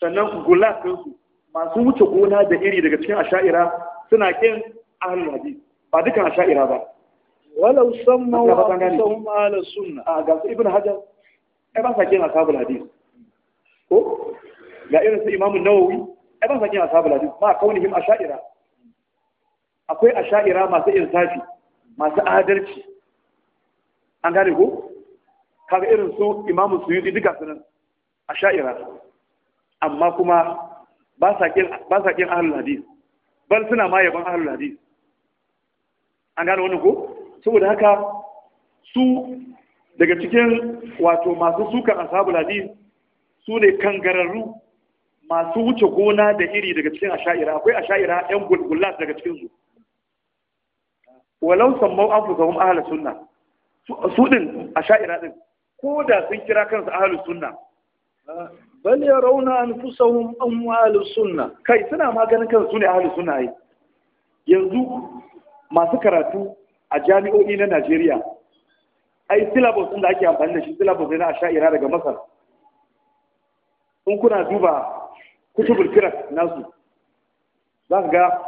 sannan gulatun masu wuce gona da iri daga cikin asha'ira suna kin alalade, ba dukan asha'ira ba walau samma wa anfusahum ala sunna a ah, ga ibn hajar ya ba sa kin ashabul hadith ko ga irin su imamu nawawi ai ba sakin ashabul hadis ma kaunihim asha'ira akwai asha'ira masu insafi masu adalci an gane ko kaga irin su imamu suyuti duka sunan asha'ira amma kuma ba sa kin ba sa kin ahlul hadis bal suna ma yaban ahlul hadis an gane wannan ko saboda haka su daga cikin wato masu sukan ashabul hadis su ne kangararru masu wuce gona da iri daga cikin asha'ira akwai asha'ira yan gulgula daga cikin su walau sammau an fusa kuma ahalar sunna su din asha'ira din ko da sun kira kansu ahalar sunna bal ya rauna an fusa an ahalar sunna kai suna maganin kansu ne ahalar sunna yi. yanzu masu karatu a jami'o'i na najeriya ai silabus din da ake amfani da shi silabus ne na asha'ira daga masar in kuna duba kutubul firak nasu za ka ga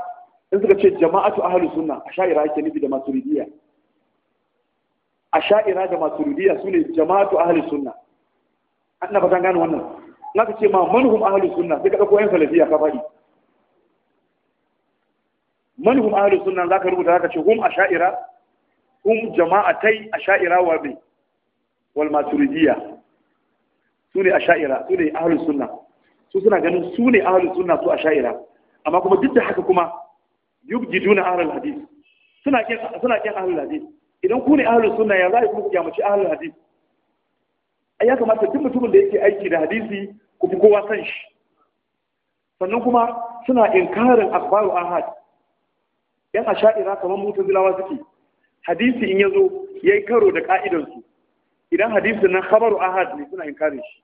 in suka ce jama'atu ahlus sunna asha'ira ake nufi da maturidiyya asha'ira da maturidiyya sune jama'atu ahlus sunna An ba gane wannan na ka ce ma manhum ahlus sunna sai ka dauko yan salafiya ka faɗi manhum ahlus sunna zaka rubuta zaka ce hum asha'ira hum jama'atai asha'ira wa bi wal maturidiyya sune asha'ira sune ahlus sunna su suna ganin su ne ahlus suna su a sha'ira. amma kuma duk da haka kuma yubjiduna ji hadis suna hadis suna kyan ahlul hadis idan ku ne ahlus suna ya za a yi kuma kyamaci ahlul hadis a ya kamata duk mutumin da yake aiki da hadisi ku fi kowa san shi sannan kuma suna inkarin akbaru ahad yan a sha'ira kamar zilawa suke hadisi in ya yi karo da ka'idansu idan hadisi na khabaru ahad ne suna inkarin shi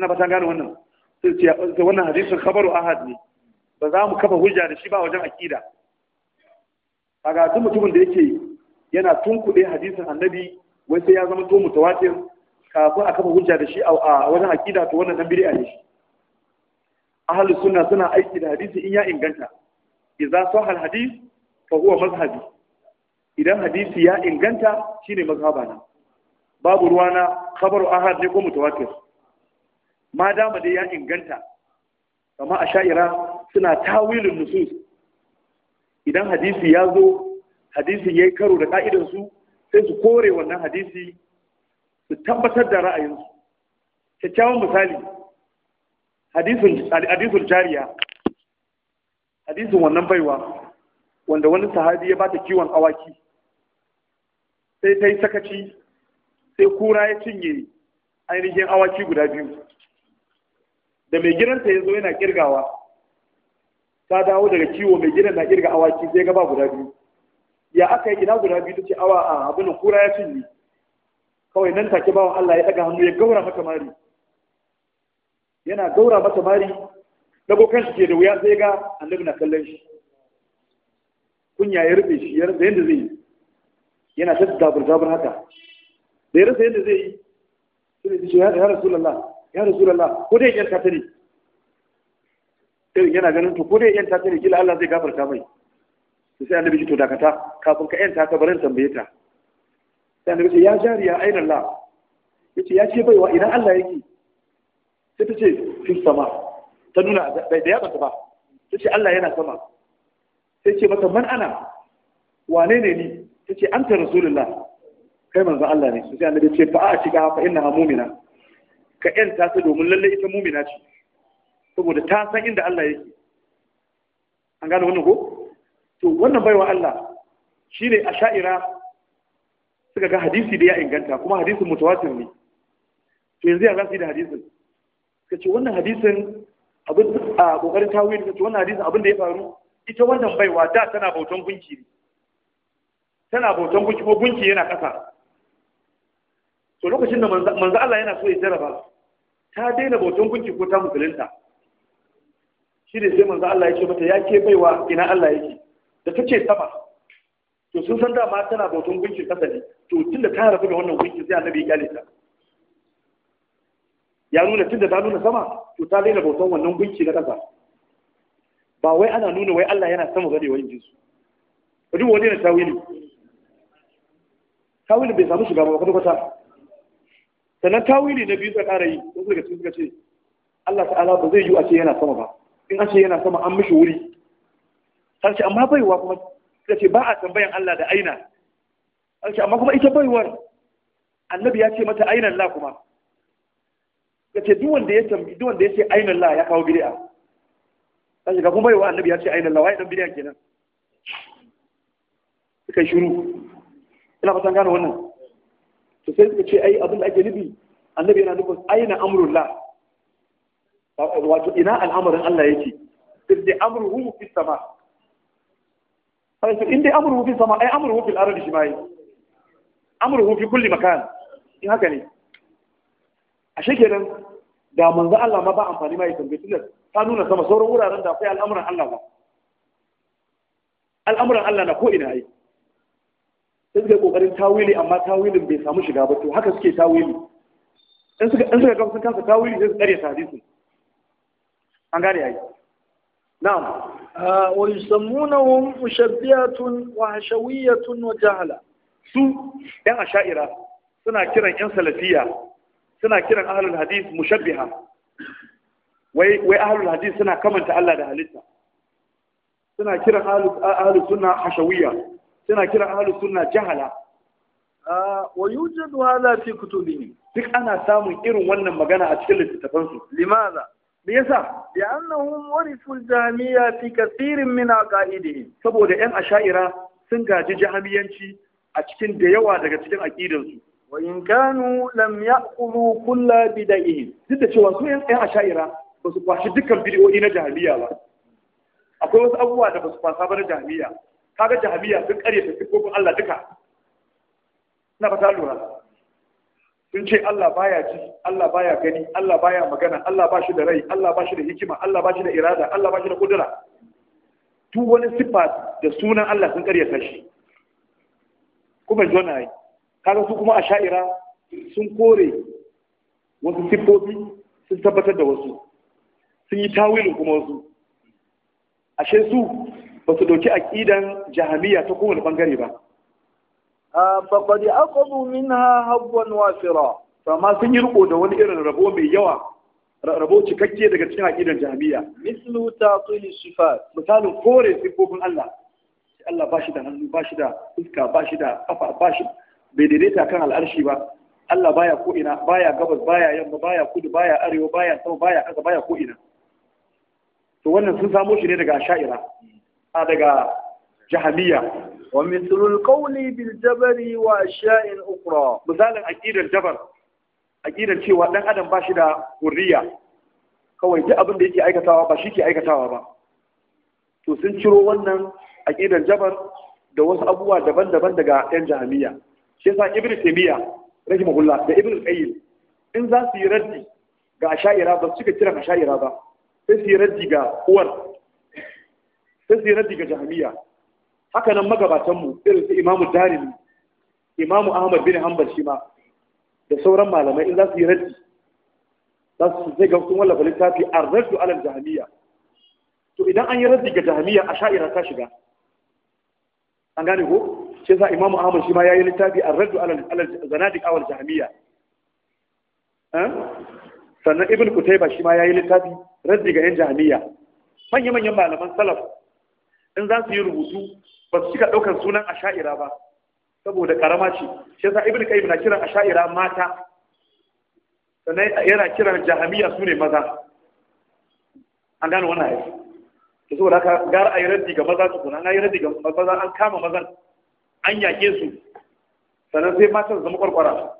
ina ba ta gane wannan sai wannan hadisin khabaru ahad ne ba za mu kafa hujja da shi ba wajen akida ga duk mutumin da yake yana tunkuɗe hadisin annabi wai sai ya zama to mutawatir kafin a kafa hujja da shi a wajen akida to wannan dan bid'a ne shi ahlus sunna suna aiki da hadisi in ya inganta sa hal hadis fa huwa mazhabi idan hadisi ya inganta shine mazhabana babu ruwana khabaru ahad ne ko mutawatir ma dama dai ya inganta kama a sha'ira suna tawilin nusus idan hadisi ya zo hadisin ya yi karo da ka'idansu sai su kore wannan hadisi su tabbatar da ra'ayinsu kyakkyawan misali hadisun jariya hadisin wannan baiwa wanda wani sahabi ya bata kiwon awaki sai ta yi sakaci sai kura ya cinye ainihin awaki guda biyu da mai gidanta ya zo yana kirgawa ta dawo daga ciwo mai gidan na kirga awaki sai ga ba guda biyu ya aka yi ina guda biyu ta ce awa a abin kura ya cinye kawai nan take bawan Allah ya daga hannu ya gaura mata mari yana gaura mata mari dago kanshi ke da wuya sai ga annabi na kallon shi kunya ya rufe shi ya rasa yadda zai yi yana ta dabur dabur haka da ya rasa yadda zai yi sai ya ce ya rasulullah ya Allah ko dai yanta ta ne irin yana ganin to ko dai yanta ta ne kila Allah zai gafarta mai to sai annabi to dakata kafin ka yanta ta barin tambaye ta sai annabi ya jariya aina Allah yace ya ce baiwa idan Allah yake sai ta ce fi sama ta nuna bai da yabanta ba ta ce Allah yana sama sai ce mata man ana wane ne ni ta ce anta rasulullah kai manzo Allah ne sai annabi ce fa a shiga fa inna mu'mina ka ‘yanta ta domin lalle ita mumina ce saboda ta san inda Allah yake an gane wannan ko to wannan baiwa Allah shi ne a sha'ira suka ga hadisi da ya inganta kuma hadisin mutuwatin ne to yanzu ya za su yi da hadisin ka ce wannan hadisin abin a kokarin tawil ka ce wannan hadisin abin da ya faru ita wannan baiwa da tana bautan gunki ne tana bautan gunki ko gunki yana ƙasa. to lokacin da manzo Allah yana so ya jarraba ta daina bautan gunki ko ta musulunta shi ne sai manzo Allah ya ce mata ya ke baiwa ina Allah yake da ta ce sama to sun san dama tana bautan gunki kasa ne to tunda ta rabu da wannan gunki sai annabi ya kyale ta ya nuna tunda ta nuna sama to ta daina bautan wannan gunki na kasa ba wai ana nuna wai Allah yana sama gare wani jinsu duk wani ne tawili tawili bai samu shiga ba kwata kwata sannan tawili na biyu ta ƙara yi wasu daga cikin suka ce Allah ta'ala ba zai yi a ce yana sama ba in a ce yana sama an mishi wuri Har ce amma baiwa kuma suka ce ba a tambayan Allah da aina Har ce amma kuma ita baiwar annabi ya ce mata aina la kuma ta ce duk wanda ya tambi duk wanda ya ce ainan la ya kawo bid'a ta ce ga kuma baiwa annabi ya ce ainan la wai dan bid'a kenan suka shiru ina fatan gane wannan to sai suka ce ai abin da ake nufi annabi yana nufin aina amrullah wato ina al'amarin Allah yake sai dai amruhu fi sama sai in dai amruhu fi sama ai amruhu fil ardi shi mai amruhu fi kulli makan in haka ne ashe kenan da manzo Allah ma ba amfani mai tambayi ta nuna sama sauran wuraren da akwai al'amuran Allah ba al'amuran Allah na ko ina ai sai suka kokarin tawili amma tawilin bai samu shiga ba to haka suke tawili in suka in suka ga sun tawili sai su ta hadisin an gane yayi na'am ah, wa yusammunahum mushabbiyatun wa hashawiyatun wa jahala su yan asha'ira suna kiran yan salafiya suna kiran ahlul hadis mushabbiha wai wai ahlul hadis suna kamanta Allah da halitta suna kiran ahlus sunna hashawiyya suna kira ahlus sunna jahala wa yujadu hadha fi kutubihim duk ana samun irin wannan magana a cikin littattafansu limaza me yasa bi annahum warithu al fi kathirin min aqaidihim saboda yan asha'ira sun gaji jahmiyanci a cikin da yawa daga cikin aqidansu wa in kanu lam ya'khudhu kulla bid'ihim duk da cewa su yan asha'ira ba su kwashi dukkan bid'o'i na jahmiyya ba akwai wasu abubuwa da ba su kwasa ba na jahmiyya kaga jahamiya sun kare ta sifofin Allah duka na fata lura sun ce Allah baya ji Allah baya gani Allah baya magana Allah ba shi da rai Allah ba shi da hikima Allah ba shi da irada Allah ba shi da kudura duk wani siffa da sunan Allah sun karyata shi kuma jona yi kaga su kuma a sha'ira sun kore wasu siffofi sun tabbatar da wasu sun yi tawilin kuma wasu ashe su ba su doki ƙidan jahamiyya ta kowane bangare ba faqad aqadu minha habwan wasira ma sun yi riko da wani irin rabo mai yawa rabo cikakke daga cikin aƙidan jahamiyya mislu taqil sifat misalin kore sifofin Allah Allah ba shi da hannu ba shi da iska ba shi da kafa ba shi bai daidaita kan al'arshi ba Allah baya ko ina baya gabas baya yamma baya kudu baya arewa baya sama baya ƙasa baya ko ina to wannan sun samo shi ne daga sha'ira a daga jahamiya wa mithlul qawli bil jabri wa ashiya'in ukhra misalin aqidar jabar aqidar cewa dan adam ba shi da hurriya kawai duk abin da yake aikatawa ba shi ke aikatawa ba to sun ciro wannan aqidar jabar da wasu abubuwa daban-daban daga yan jahamiya shi sa ibnu taymiya rahimahullah da ibnu qayyim in za su yi raddi ga asha'ira ba su cika kiran asha'ira ba sai su yi raddi ga uwar sai su yi ga jahamiya haka nan magabatanmu irin su imamu darimi imamu ahmad bin hanbal shi ma da sauran malamai in za su yi raddi za su zai ga sun wallafa littafi arraddu alal jahamiya to idan an yi raddi ga jahamiya a sha'ira ta shiga an gane ko shi sa imamu ahmad shi ma yayi littafi a alal alal zanadiq awal jahamiya eh? sannan ibn kutaiba shi ma yayi littafi raddi ga yan jahamiya manya manyan malaman salaf in za su yi rubutu ba su cika ɗaukar sunan asha'ira ba saboda karama ce shi yasa ibnu kayyim na kiran asha'ira mata sannan yana kiran jahamiya su ne maza an gane wannan ayi to saboda haka gara ayi raddi ga maza tukuna an ayi raddi ga maza an kama mazan an yake su sannan sai matan zama kwarkwara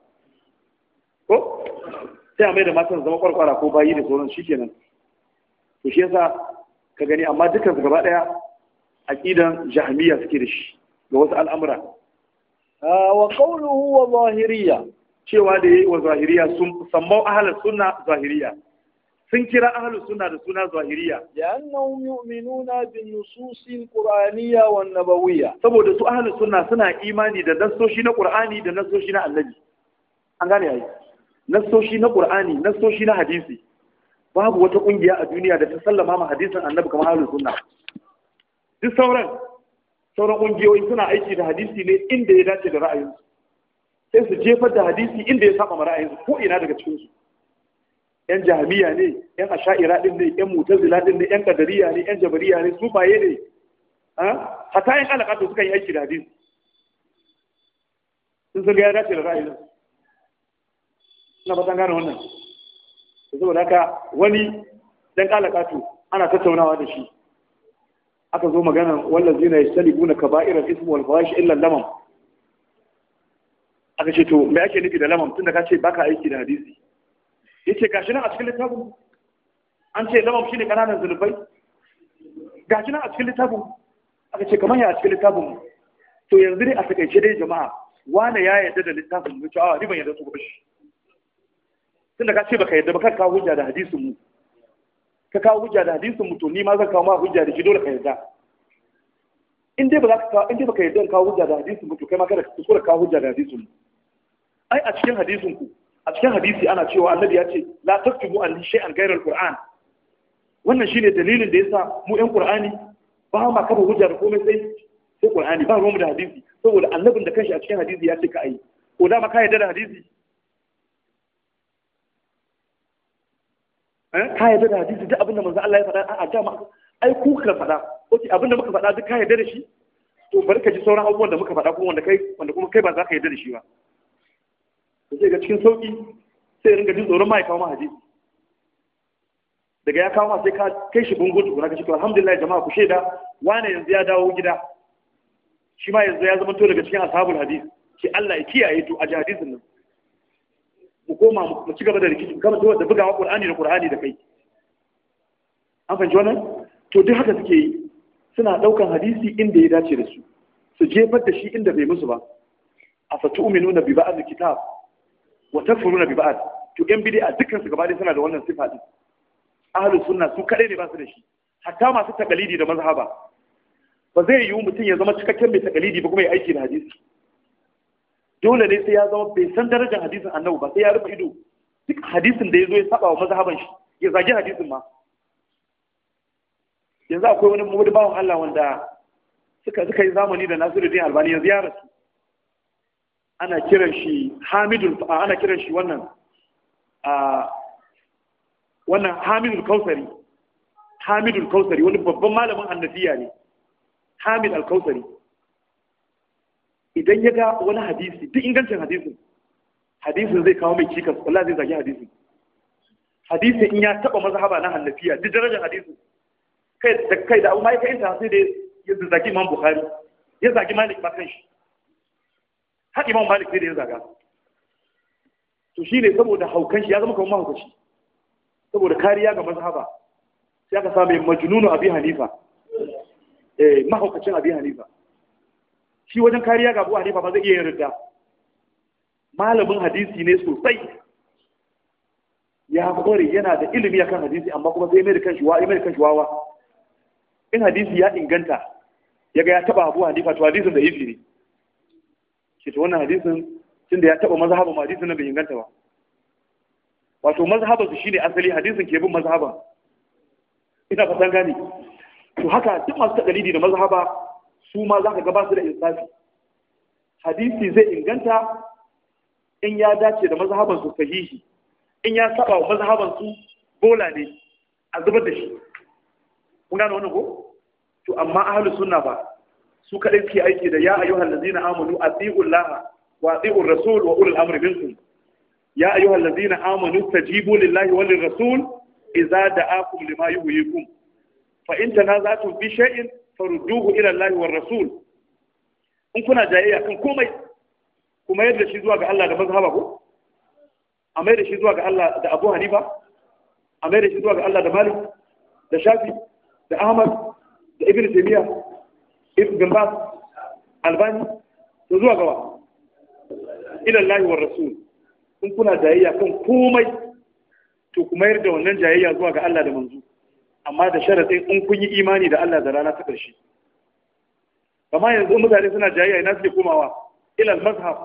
ko sai a mai da matan zama kwarkwara ko bayi da sauran shi kenan to shi yasa ka gani amma dukkan su gaba daya aqidan jahmiya suke da shi ga wasu al'amura wa qawluhu wa zahiriya cewa da yayi wa zahiriya sun sammau ahlus sunna zahiriya sun kira ahlus sunna da suna zahiriya li'annahum yu'minuna bin nususin qur'aniyya wan nabawiyya saboda su ahlus sunna suna imani da nassoshi na qur'ani da nassoshi na annabi an gane yayi nassoshi na qur'ani nassoshi na hadisi babu wata kungiya a duniya da ta sallama ma hadisin annabi kamar ahlus sunna duk sauran sauran ƙungiyoyi suna aiki da hadisi ne inda ya dace da ra'ayinsu sai su jefar da hadisi inda ya saba ra'ayinsu ko ina daga cikinsu yan jahamiya ne yan asha'ira din ne yan mutazila din ne yan kadariya ne yan jabariya ne su baye ne hata yan alaƙa da suka yi aiki da hadisi sun san ya dace da ra'ayinsu na ba gane wannan saboda haka wani dan kalakatu ana tattaunawa da shi aka zo magana wannan zina ya sani guna ka ba'irar ismu wal fawashi illa lamam aka ce to me ake nufi da lamam tunda ka ce baka aiki da hadisi yace gashi nan a cikin littafin an ce lamam shine kananan zulubai gashi nan a cikin littafin aka ce kamar ya a cikin littafin to yanzu ne a takaice dai jama'a wane ya yarda da littafin mu cewa ni ban yarda su ba shi tunda ka ce baka yarda ba kan ka hujja da hadisin mu ka kawo hujja da hadisin mutum ni ma zan kawo ma hujja da shi dole ka yarda in dai ba za ka in dai ka yarda kawo hujja da hadisin mutum kai ma kada ka kusura kawo hujja da hadisin ai a cikin hadisin ku a cikin hadisi ana cewa annabi ya ce la taktubu an shay'an ghayra alquran wannan shine dalilin da yasa mu ɗan qur'ani ba ma kafa hujja da komai sai sai qur'ani ba mu da hadisi saboda annabin da kanshi a cikin hadisi ya ce ka ai ko da ma ka yarda da hadisi Eh? ka yarda da hadisi duk abinda manzo Allah ya faɗa a jama'a. ai ku ka faɗa oke abinda muka faɗa duk ka yarda da shi to bari ka ji sauran abubuwan da muka faɗa kuma wanda kai wanda kuma kai ba za ka yarda da shi ba to sai ga cikin sauki sai ringa jin tsoron mai kawo ma hadisi daga ya kawo ma sai ka kai shi bungun tukuna ka ce to alhamdulillah jama'a ku shaida wane yanzu ya dawo gida shi ma yanzu ya zama to daga cikin ashabul hadisi Ki Allah ya kiyaye to a ji hadisin nan ku koma mu ci gaba da rikici kama zuwa da bugawa qur'ani da qur'ani da kai an fahimci wannan to duk haka suke yi suna daukan hadisi inda ya dace da su su jefar da shi inda bai musu ba a fatu uminuna bi ba'd kitab wa takfuruna bi ba'd to yan bid'a dukkan su gaba dai suna da wannan sifa din ahli sunna su kadai ne ba su da shi hatta masu takalidi da mazhaba ba zai yiwu mutum ya zama cikakken mai takalidi ba kuma ya aiki da hadisi dole ne sai ya zama bai san darajar hadisin annabi ba sai ya rufe ido duk hadisin da ya zo ya saba wa mazhaban shi ya zagi hadisin ma yanzu akwai wani wani bawan Allah wanda suka suka yi zamani da Nasiruddin Albani ya ziyara rasu ana kiran shi Hamidul ana kiran shi wannan a wannan Hamidul Kausari Hamidul Kausari wani babban malamin annabiya ne Hamid Al-Kausari idan ya ga wani hadisi duk ingancin hadisin hadisin zai kawo mai cikas wallahi zai zagi hadisin hadisin in ya taba mazhaba na hannafiya duk darajar hadisin kai da kai da abu mai kai sai da ya zagi Imam Bukhari ya zagi Malik ba kan shi har Imam Malik sai da ya zaga to shi ne saboda haukan shi ya zama kamar mahaukaci saboda kariya ga mazhaba sai aka samu majnunu Abi Hanifa eh mahaukacin Abi Hanifa shi wajen kariya ga Abu Hanifa ba zai iya yin ridda malamin hadisi ne sosai ya kware yana da ilimi akan hadisi amma kuma sai mai da kanshi wawa mai da kanshi wawa in hadisi ya inganta yaga ya taba Abu Hanifa to hadisin da yifi ne shi to wannan hadisin tunda ya taba mazhabin hadisin nan bai inganta ba wato mazhabin su shine asali hadisin ke bin mazhabin ina fatan gani. to haka duk masu takalidi da mazhaba su ma za ka gaba su da insafi hadisi zai inganta in ya dace da mazhaban su sahihi in ya saba wa mazhaban su bola ne a zubar da shi kun da wannan ko to amma ahlus sunna ba su kadai suke aiki da ya ayyuhal ladina amanu atiiu llaha wa atiiu rasul wa ulul amri minkum ya ayyuhal ladina amanu tajibu lillahi wa lirrasul idza da'akum lima yuhyikum fa in tanaza'tum bi shay'in farudduhu ila Allah wa rasul in kuna jayayya kan komai kuma yadda shi zuwa ga Allah da mazhaba ko a mai da shi zuwa ga Allah da Abu Hanifa a mai da shi zuwa ga Allah da Malik da Shafi da Ahmad da Ibn Taymiyyah Ibn Baz Albani da zuwa gaba ila Allah wa rasul in kuna jayayya kan komai to kuma yadda wannan jayayya zuwa ga Allah da manzo amma da sharaɗin in kun yi imani da Allah da rana ta ƙarshe amma yanzu mutane suna jayayya ina suke komawa ilal mazhab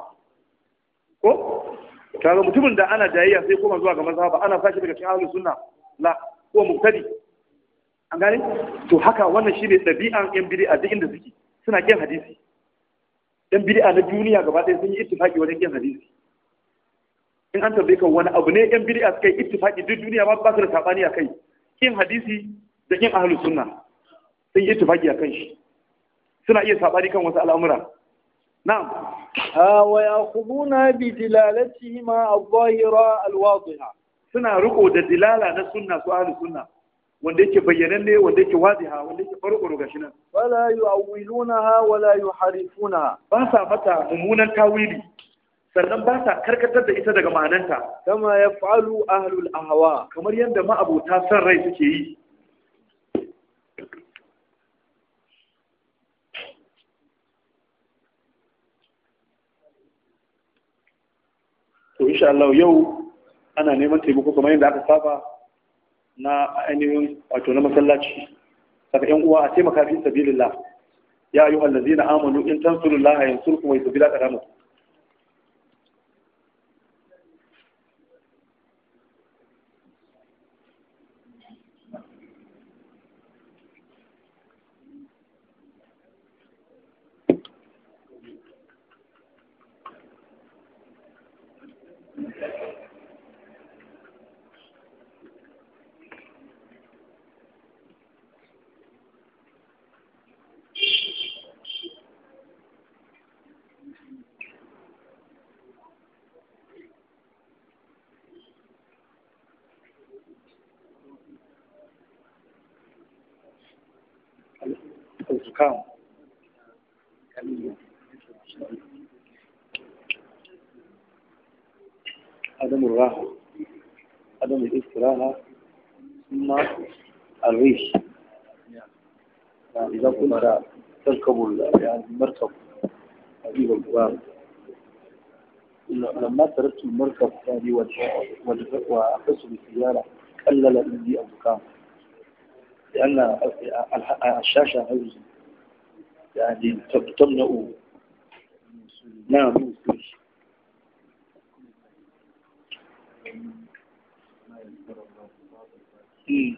ko kaga mutumin da ana jayayya sai koma zuwa ga mazhab ana sashi daga cikin ahlus sunna la ko mubtadi an gane to haka wannan shine ɗabi'an yan bid'a duk inda suke suna kin hadisi yan bid'a na duniya gaba ɗaya sun yi ittifaqi wajen kin hadisi in an tabbai ka wani abu ne yan bid'a suka yi ittifaqi duk duniya ba ba su da sabani a kai kin hadisi da kin ahlus sunna sun yi tufaki kan shi suna iya sabari kan wasu al'amura na'am wa ya'khuduna bi ma adh-dhahira al-wadhiha suna riko da dilala na sunna su ahlus sunna wanda yake ne wanda yake wadiha wanda yake farko gashi nan wala yu'awwilunaha wala yuharifunaha ba sa mata mummunan tawili sannan ba sa karkatar da ita daga ma'ananta kama ya falu ahlul Hawa. kamar yadda ma'abota san rai suke yi to insha Allah yau ana neman taimako kamar yadda aka saba na ainihin wato na masallaci saka yan uwa a taimaka fi sabilillah ya ayyuhallazina amanu in tansurullaha yansurkum wa yuthabbit aqdamakum الريش يعني إذا كنت تركب يعني المركب هذه الغبار لما تركت المركب هذه وأحس بالسيارة قلل عندي الزكام لأن الشاشة عجز يعني تمنع نعم Mm.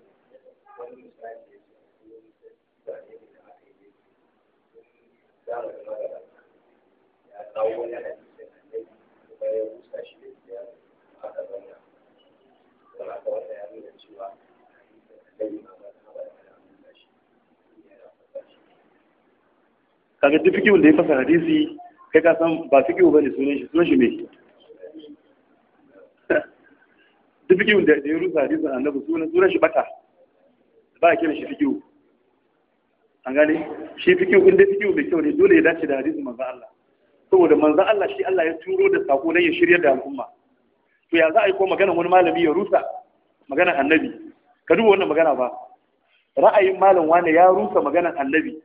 duk fikihun da ya fasa hadisi kai ka san ba fikihu bane sunan shi sunan shi me duk fikihun da ya rusa hadisi annabi sunan sunan shi bata ba a kira shi fikihu an gane shi fikihu in dai mai kyau ne dole ya dace da hadisin manzo Allah saboda manzo Allah shi Allah ya turo da sako nan ya shirya da al'umma to ya za a yi ko magana wani malami ya rusa magana annabi ka duba wannan magana ba ra'ayin malam wane ya rusa maganar annabi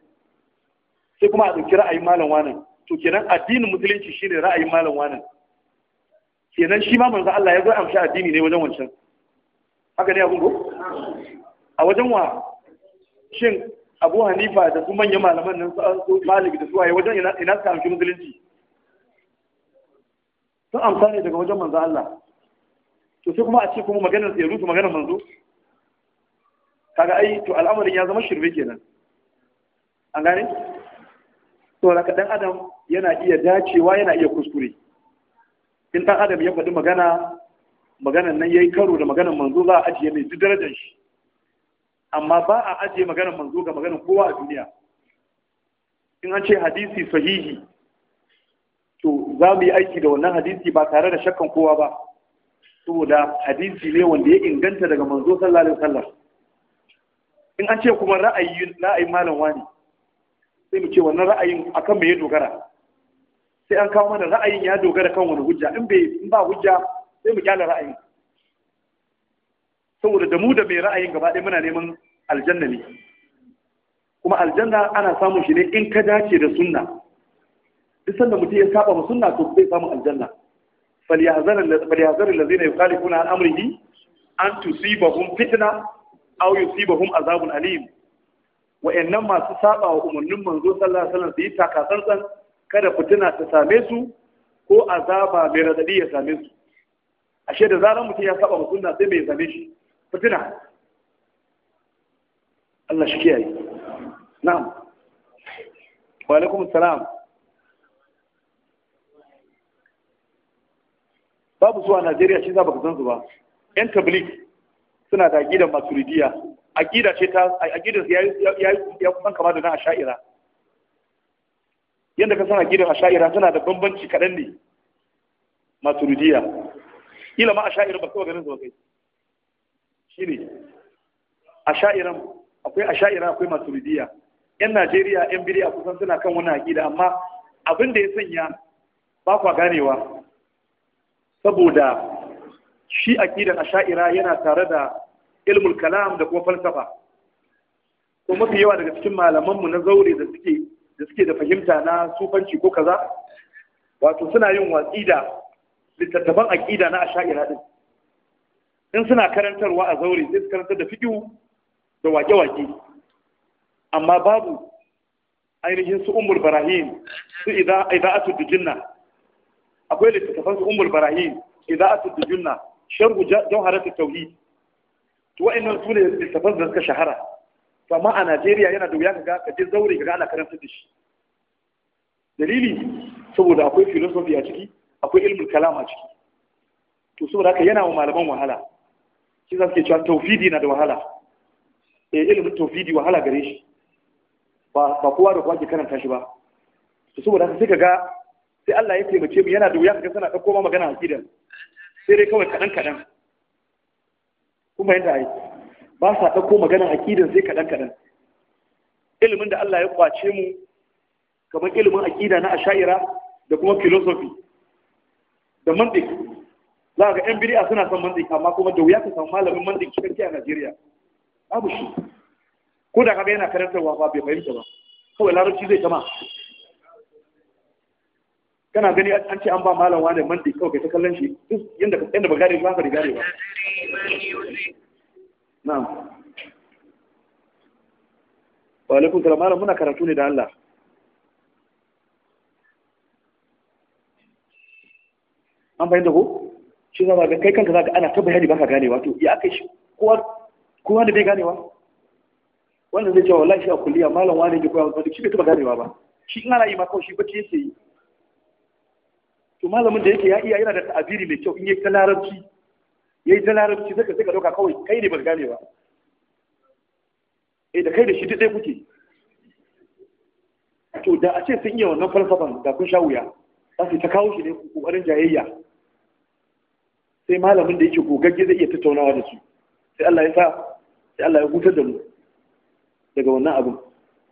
sai kuma a ɗauki ra'ayin malam wanan to kenan addinin musulunci shine ra'ayin malam wanan kenan shi ma manzo Allah ya zo amshi addini ne wajen wancan haka ne abun go a wajen wa shin Abu Hanifa da su manyan malaman nan su Malik da su waye wajen ina ina amshi musulunci sun amsa ne daga wajen manzo Allah to sai kuma a ce kuma maganar ya rufe maganar manzo kaga ai to al'amarin ya zama shirme kenan an gane saboda ɗan adam yana iya dacewa yana iya kuskure in dan adam ya faɗi magana maganan nan ya yi karo da maganan manzo za a ajiye mai duk darajar shi amma ba a ajiye maganan manzo ga maganan kowa a duniya in an ce hadisi sahihi to za mu yi aiki da wannan hadisi ba tare da shakkan kowa ba saboda hadisi ne wanda ya inganta daga manzo sallallahu alaihi wasallam in an ce kuma ra'ayi ra'ayin malam wani sai mu ce wannan ra'ayin akan me ya dogara sai an kawo mana ra'ayin ya dogara kan wani hujja in bai in ba hujja sai mu kyala ra'ayin saboda da mu da mai ra'ayin gaba ɗaya muna neman aljanna ne kuma aljanna ana samun shi ne in ka dace da sunna duk sanda mutum ya saba ma sunna to zai samu aljanna falyahzar allazina yukhalifuna an amrihi an tusibahum fitna aw yusibahum azabun alim wa'annan masu saba wa umarnin manzo sallallahu alaihi wasallam su yi takatsantsan kada fitina ta same su ko azaba mai radadi ya same su ashe da zarar mutum ya saba wa sunna sai bai same shi fitina Allah shi kiyaye na'am wa alaikum salam babu zuwa Najeriya shi za baka san su ba yan tabligh suna da gidan maturidiya aqida ce ta aqidar ya ya kusan kama da na asha'ira yanda ka san aqidar asha'ira tana da bambanci kaɗan ne maturidiya ila ma asha'ira ba kawai ganin kai. Shi kai shine asha'iran akwai asha'ira akwai maturidiya yan Najeriya yan biri a kusan suna kan wani aqida amma abin da ya sanya ba kwa ganewa saboda shi aqidan asha'ira yana tare da ilmul kalam da kuma falsafa ko mafi yawa daga cikin malamanmu na zaure da suke da suke da fahimta na sufanci ko kaza wato suna yin watsi da littattafan aƙida na asha'ira din in suna karantarwa a zaure sai su karantar da fiqh da wake-wake amma babu ainihin su umul barahim su ida'atu dujinna akwai littattafan su umul barahim ida'atu dujinna sharhu jawharatu tauhid to wa'annan su ne littafan da suka shahara to amma a Najeriya yana da wuya ka ga ka je zaure ka ga ana karanta da shi dalili saboda akwai philosophy a ciki akwai ilmul kalam a ciki to saboda haka yana wa malaman wahala shi za su ke cewa tawfidi na da wahala eh ilmin tawfidi wahala gare shi ba ba kowa da kowa ke karanta shi ba to saboda haka sai ka ga sai Allah ya taimake mu yana da wuya ka ga sana ɗauko ma magana a gidan sai dai kawai kaɗan kaɗan kuma yadda a yi ba sa ɗauko maganar aƙidar sai kaɗan kaɗan ilimin da Allah ya kwace mu kamar ilimin aƙida na asha'ira da kuma filosofi da mantik za ga yan biri'a suna son mantik amma kuma da wuya ka samu malamin mantik cikakke a Najeriya babu shi ko da kaga yana karantarwa ba bai fahimta ba kawai larabci zai kama kana gani an ce an ba malam wani mandi kawai kai ta kallon shi duk yanda yanda ba gane ba ka gane ba na'am wa alaikum salam malam muna karatu ne da Allah an bayyana ko shi zama ga kai kanka zaka ana ta bayani baka gane wato ya akai shi kowa kowa da bai ganewa wannan zai ce wallahi shi a kulliya malam wani ke koya wani shi bai taba ganewa ba shi ina na yi ma kawai shi bacci yake yi to malamin da yake ya iya yana da ta'abiri mai kyau in yi ta larabci ya yi ta larabci ka sai ka ɗauka kawai kai ne baka gane ba eh da kai da shi duk dai kuke to da a ce sun iya wannan falsafan da kun sha wuya za su ta kawo shi ne kokarin jayayya sai malamin da yake gogagge zai iya tattaunawa da su sai Allah ya sa sai Allah ya hutar da mu daga wannan abin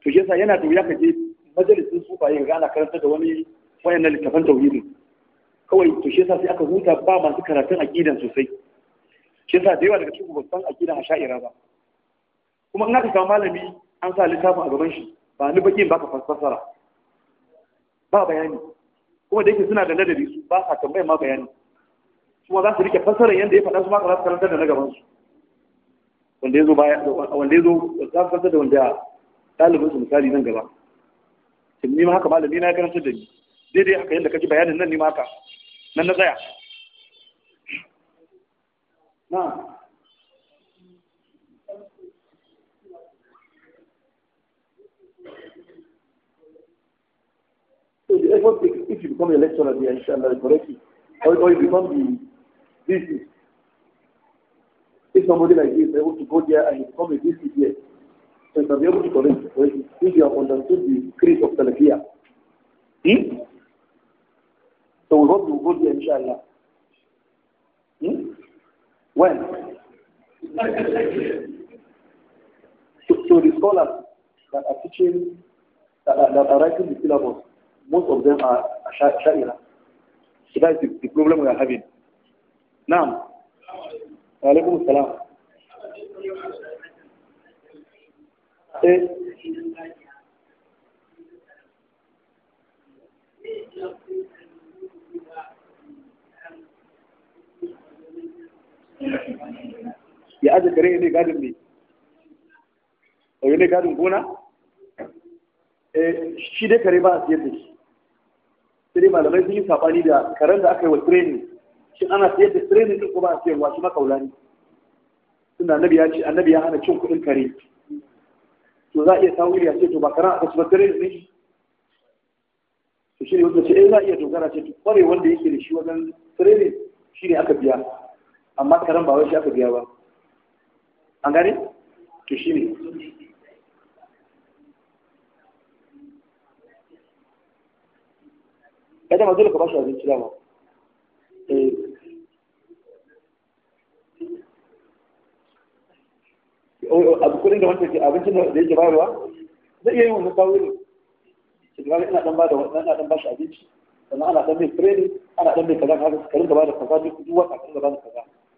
to shi yasa yana da wuya ka je majalisin sufaye ga ana karanta da wani wayannan littafan tauhidin kawai to shi yasa sai aka huta ba masu karatun aqidan sosai shi yasa da yawa daga cikin babban aqidan asha'ira ba kuma in aka samu malami an sa littafin a gaban shi ba ni bakin baka fassara ba bayani kuma da yake suna da ladabi su ba sa tambayar ma bayani kuma za su rike fassarar yadda ya faɗa su ma za su karantar da na gaban su wanda ya zo baya wanda ya zo za su karantar da wanda ɗalibin su misali nan gaba ni ma haka malami na ya karantar da ni daidai haka yadda kaji bayanin nan ne maka nan na tsaya na if you become a lecturer correctly, or, or you become the VC. If somebody like this is able to go there and become a VC here, be able to correct, if you have understood the creed of Hmm? So we hope you will go there, inshallah. Hmm? When? so, so the scholars that are teaching, that are, that are writing the syllabus, most of them are Sha'ira. So that is the, the problem we are having. Now, Alaikum Salam. Eh, ya aje kare ne gadin ne o ne gadin gona eh shi dai kare ba a siyar da shi sai malamai sun yi sabani da karen da aka yi wa training shi ana siyar da training din ko ba a siyarwa shi makaula ne tunda annabi ya ce annabi ya hana cin kuɗin kare to za a iya tawili a ce to ba karen aka ci ba training ne shi to shi ne wanda ce eh za a iya dogara ce to kware wanda yake da shi wajen training shi ne aka biya amma karen ba wai shi biya ba an gane to shi ne ya dama dole ka ba shi abinci dama eh. oh, oh, a kudin da wancan abincin da yake bayarwa zai iya yin wani kawo ne shi ga ina dan ba da ina dan ba shi abinci sannan ana dan mai training ana dan mai kaza kaza karin da ba da kaza duk wata karin da ba da kaza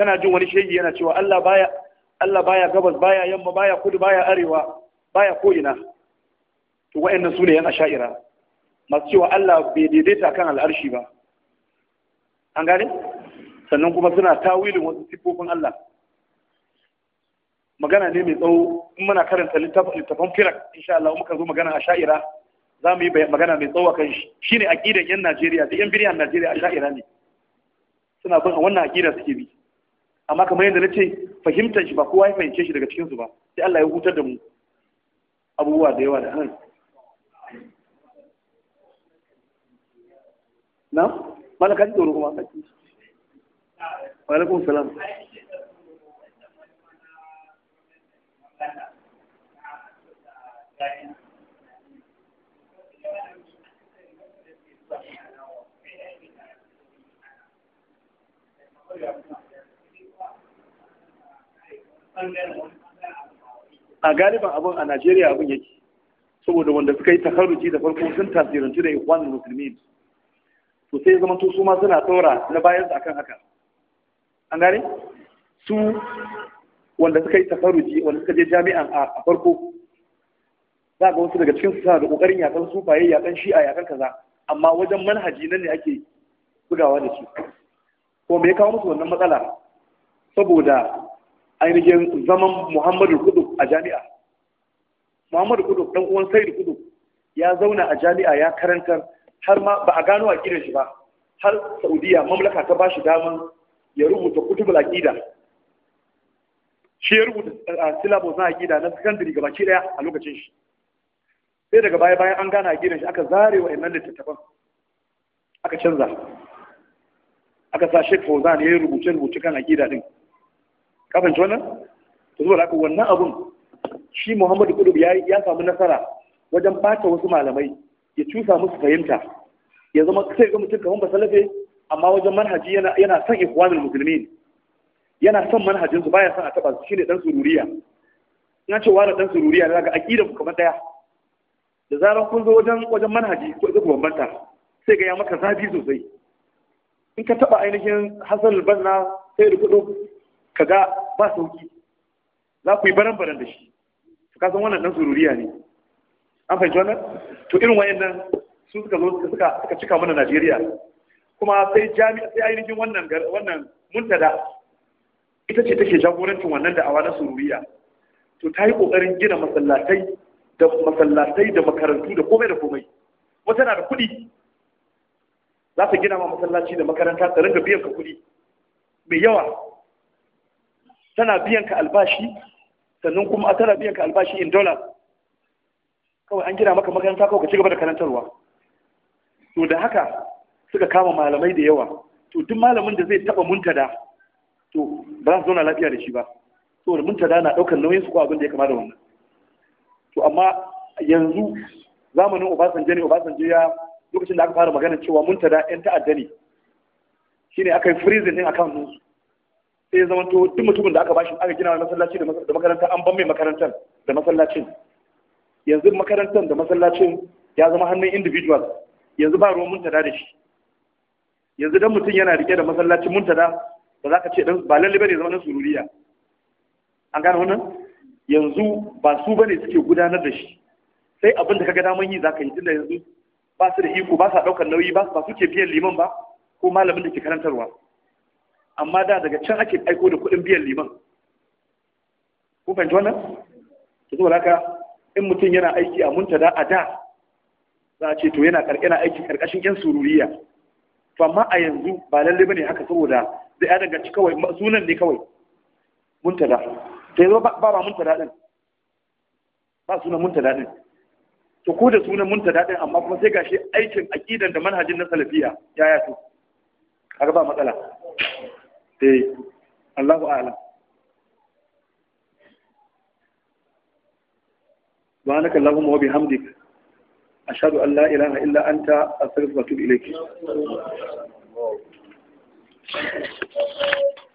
kana jin wani shehi yana cewa Allah baya Allah baya gabas baya yamma baya kudu baya arewa baya ko ina to wa'annan sune yan asha'ira masu cewa Allah bai daidaita kan al'arshi ba an gane sannan kuma suna tawilin wasu siffofin Allah magana ne mai tsawo in muna karanta littafin firak insha Allah muka zo magana a sha'ira za mu yi magana mai tsawo kan shi shine aqidar yan Najeriya da yan biriyan Najeriya a sha'ira ne suna bin wannan aqidar suke bi amma kamar yadda na ce fahimtar shi ba kowa ya fahimce shi daga cikinsu ba sai Allah ya hutar da mu abubuwa da yawa da hannun na malaka ji tsoro kuma kaki alaikum salam Yeah. a galiban abin a najeriya abin yake saboda wanda suka yi taharuji da farko sun tasirantu da ikwan musulmi to sai zama to su ma suna tsora na bayan su akan haka an gane su wanda suka yi taharuji wanda suka je jami'an a farko za ga wasu daga cikin su da kokarin yakan sufaye yakan shi'a yakan kaza amma wajen manhaji nan ne ake bugawa da shi ko me ya kawo musu wannan matsala saboda ainihin zaman muhammadu kudu a jami'a muhammadu kudu dan uwan da kudu ya zauna a jami'a ya karanta har ma ba a gano aƙidar shi ba har saudiya mamlaka ta ba shi daman ya rubuta kutubul ƙida. shi ya rubuta syllabus na aƙida na secondary baki daya a lokacin shi sai daga baya bayan an gane aƙidar shi aka zare wa innan littattafan aka canza aka sa Sheikh Fauzan ya yi rubuce-rubuce kan aƙida din kafin wannan to zuwa haka wannan abun shi Muhammadu Kudub ya ya samu nasara wajen bata wasu malamai ya cusa musu fahimta ya zama sai ga mutum kamar basalafe amma wajen manhaji yana yana son ikhwanul muslimin yana son manhajin su baya son a taba su shine dan sururiya ina ce wala dan sururiya ne ga aqida ku kamar daya da zaran kun zo wajen wajen manhaji ko ku bambanta sai ga ya maka zafi sosai in ka taba ainihin Hassan al-Banna sai da kudu kaga ba sauki za ku yi baran baran da shi to ka san wannan dan sururiya ne an fahimci wannan to irin wayannan su suka zo suka suka cika mana Najeriya kuma sai jami'a sai ainihin wannan wannan muntada ita ce take jagorancin wannan da awa na sururiya to ta yi kokarin gina masallatai da masallatai da makarantu da komai da komai wata na da kuɗi za ta gina ma masallaci da makaranta ta ringa biyan ka kuɗi mai yawa tana biyan ka albashi sannan kuma tana biyan ka albashi in dollar kawai an gina maka makaranta kawai ka ci gaba da karantarwa to da haka suka kama malamai da yawa to duk malamin da zai taba muntada to ba za su zauna lafiya da shi ba To da muntada na daukar nauyin su ko abin da ya kama da wannan to amma yanzu zamanin Obasanjo ne Obasanjo ya lokacin da aka fara magana cewa muntada yan ta'adda ne shine aka yi freezing din account din sai zama to duk mutumin da aka bashi aka gina masallaci da makaranta an ban mai makarantar da masallacin yanzu makarantar da masallacin ya zama hannun individual yanzu ba ruwan muntada da shi yanzu dan mutum yana rike da masallacin muntada ba za ka ce dan ba lalle bane zama na sururiya an gane wannan yanzu ba su bane suke gudanar da shi sai abin da kaga daman yi za ka yi tunda yanzu ba su da iko ba sa daukar nauyi ba ba suke biyan liman ba ko malamin da ke karantarwa amma da daga can ake aiko da kuɗin biyan liman ku fahimci wannan to saboda haka in mutum yana aiki a muntada a da za a ce to yana karkina aiki karkashin yan sururiya to amma a yanzu ba lalle bane haka saboda zai ya ci kawai sunan ne kawai muntada to yanzu ba ba muntada din ba sunan muntada din to ko da sunan muntada din amma kuma sai gashi aikin aqidan da manhajin na salafiya ya to kaga ba matsala eh Allahu a'lam subhanaka allahumma wa bihamdika أشهد أن لا إله إلا أنت أستغفرك وأتوب إليك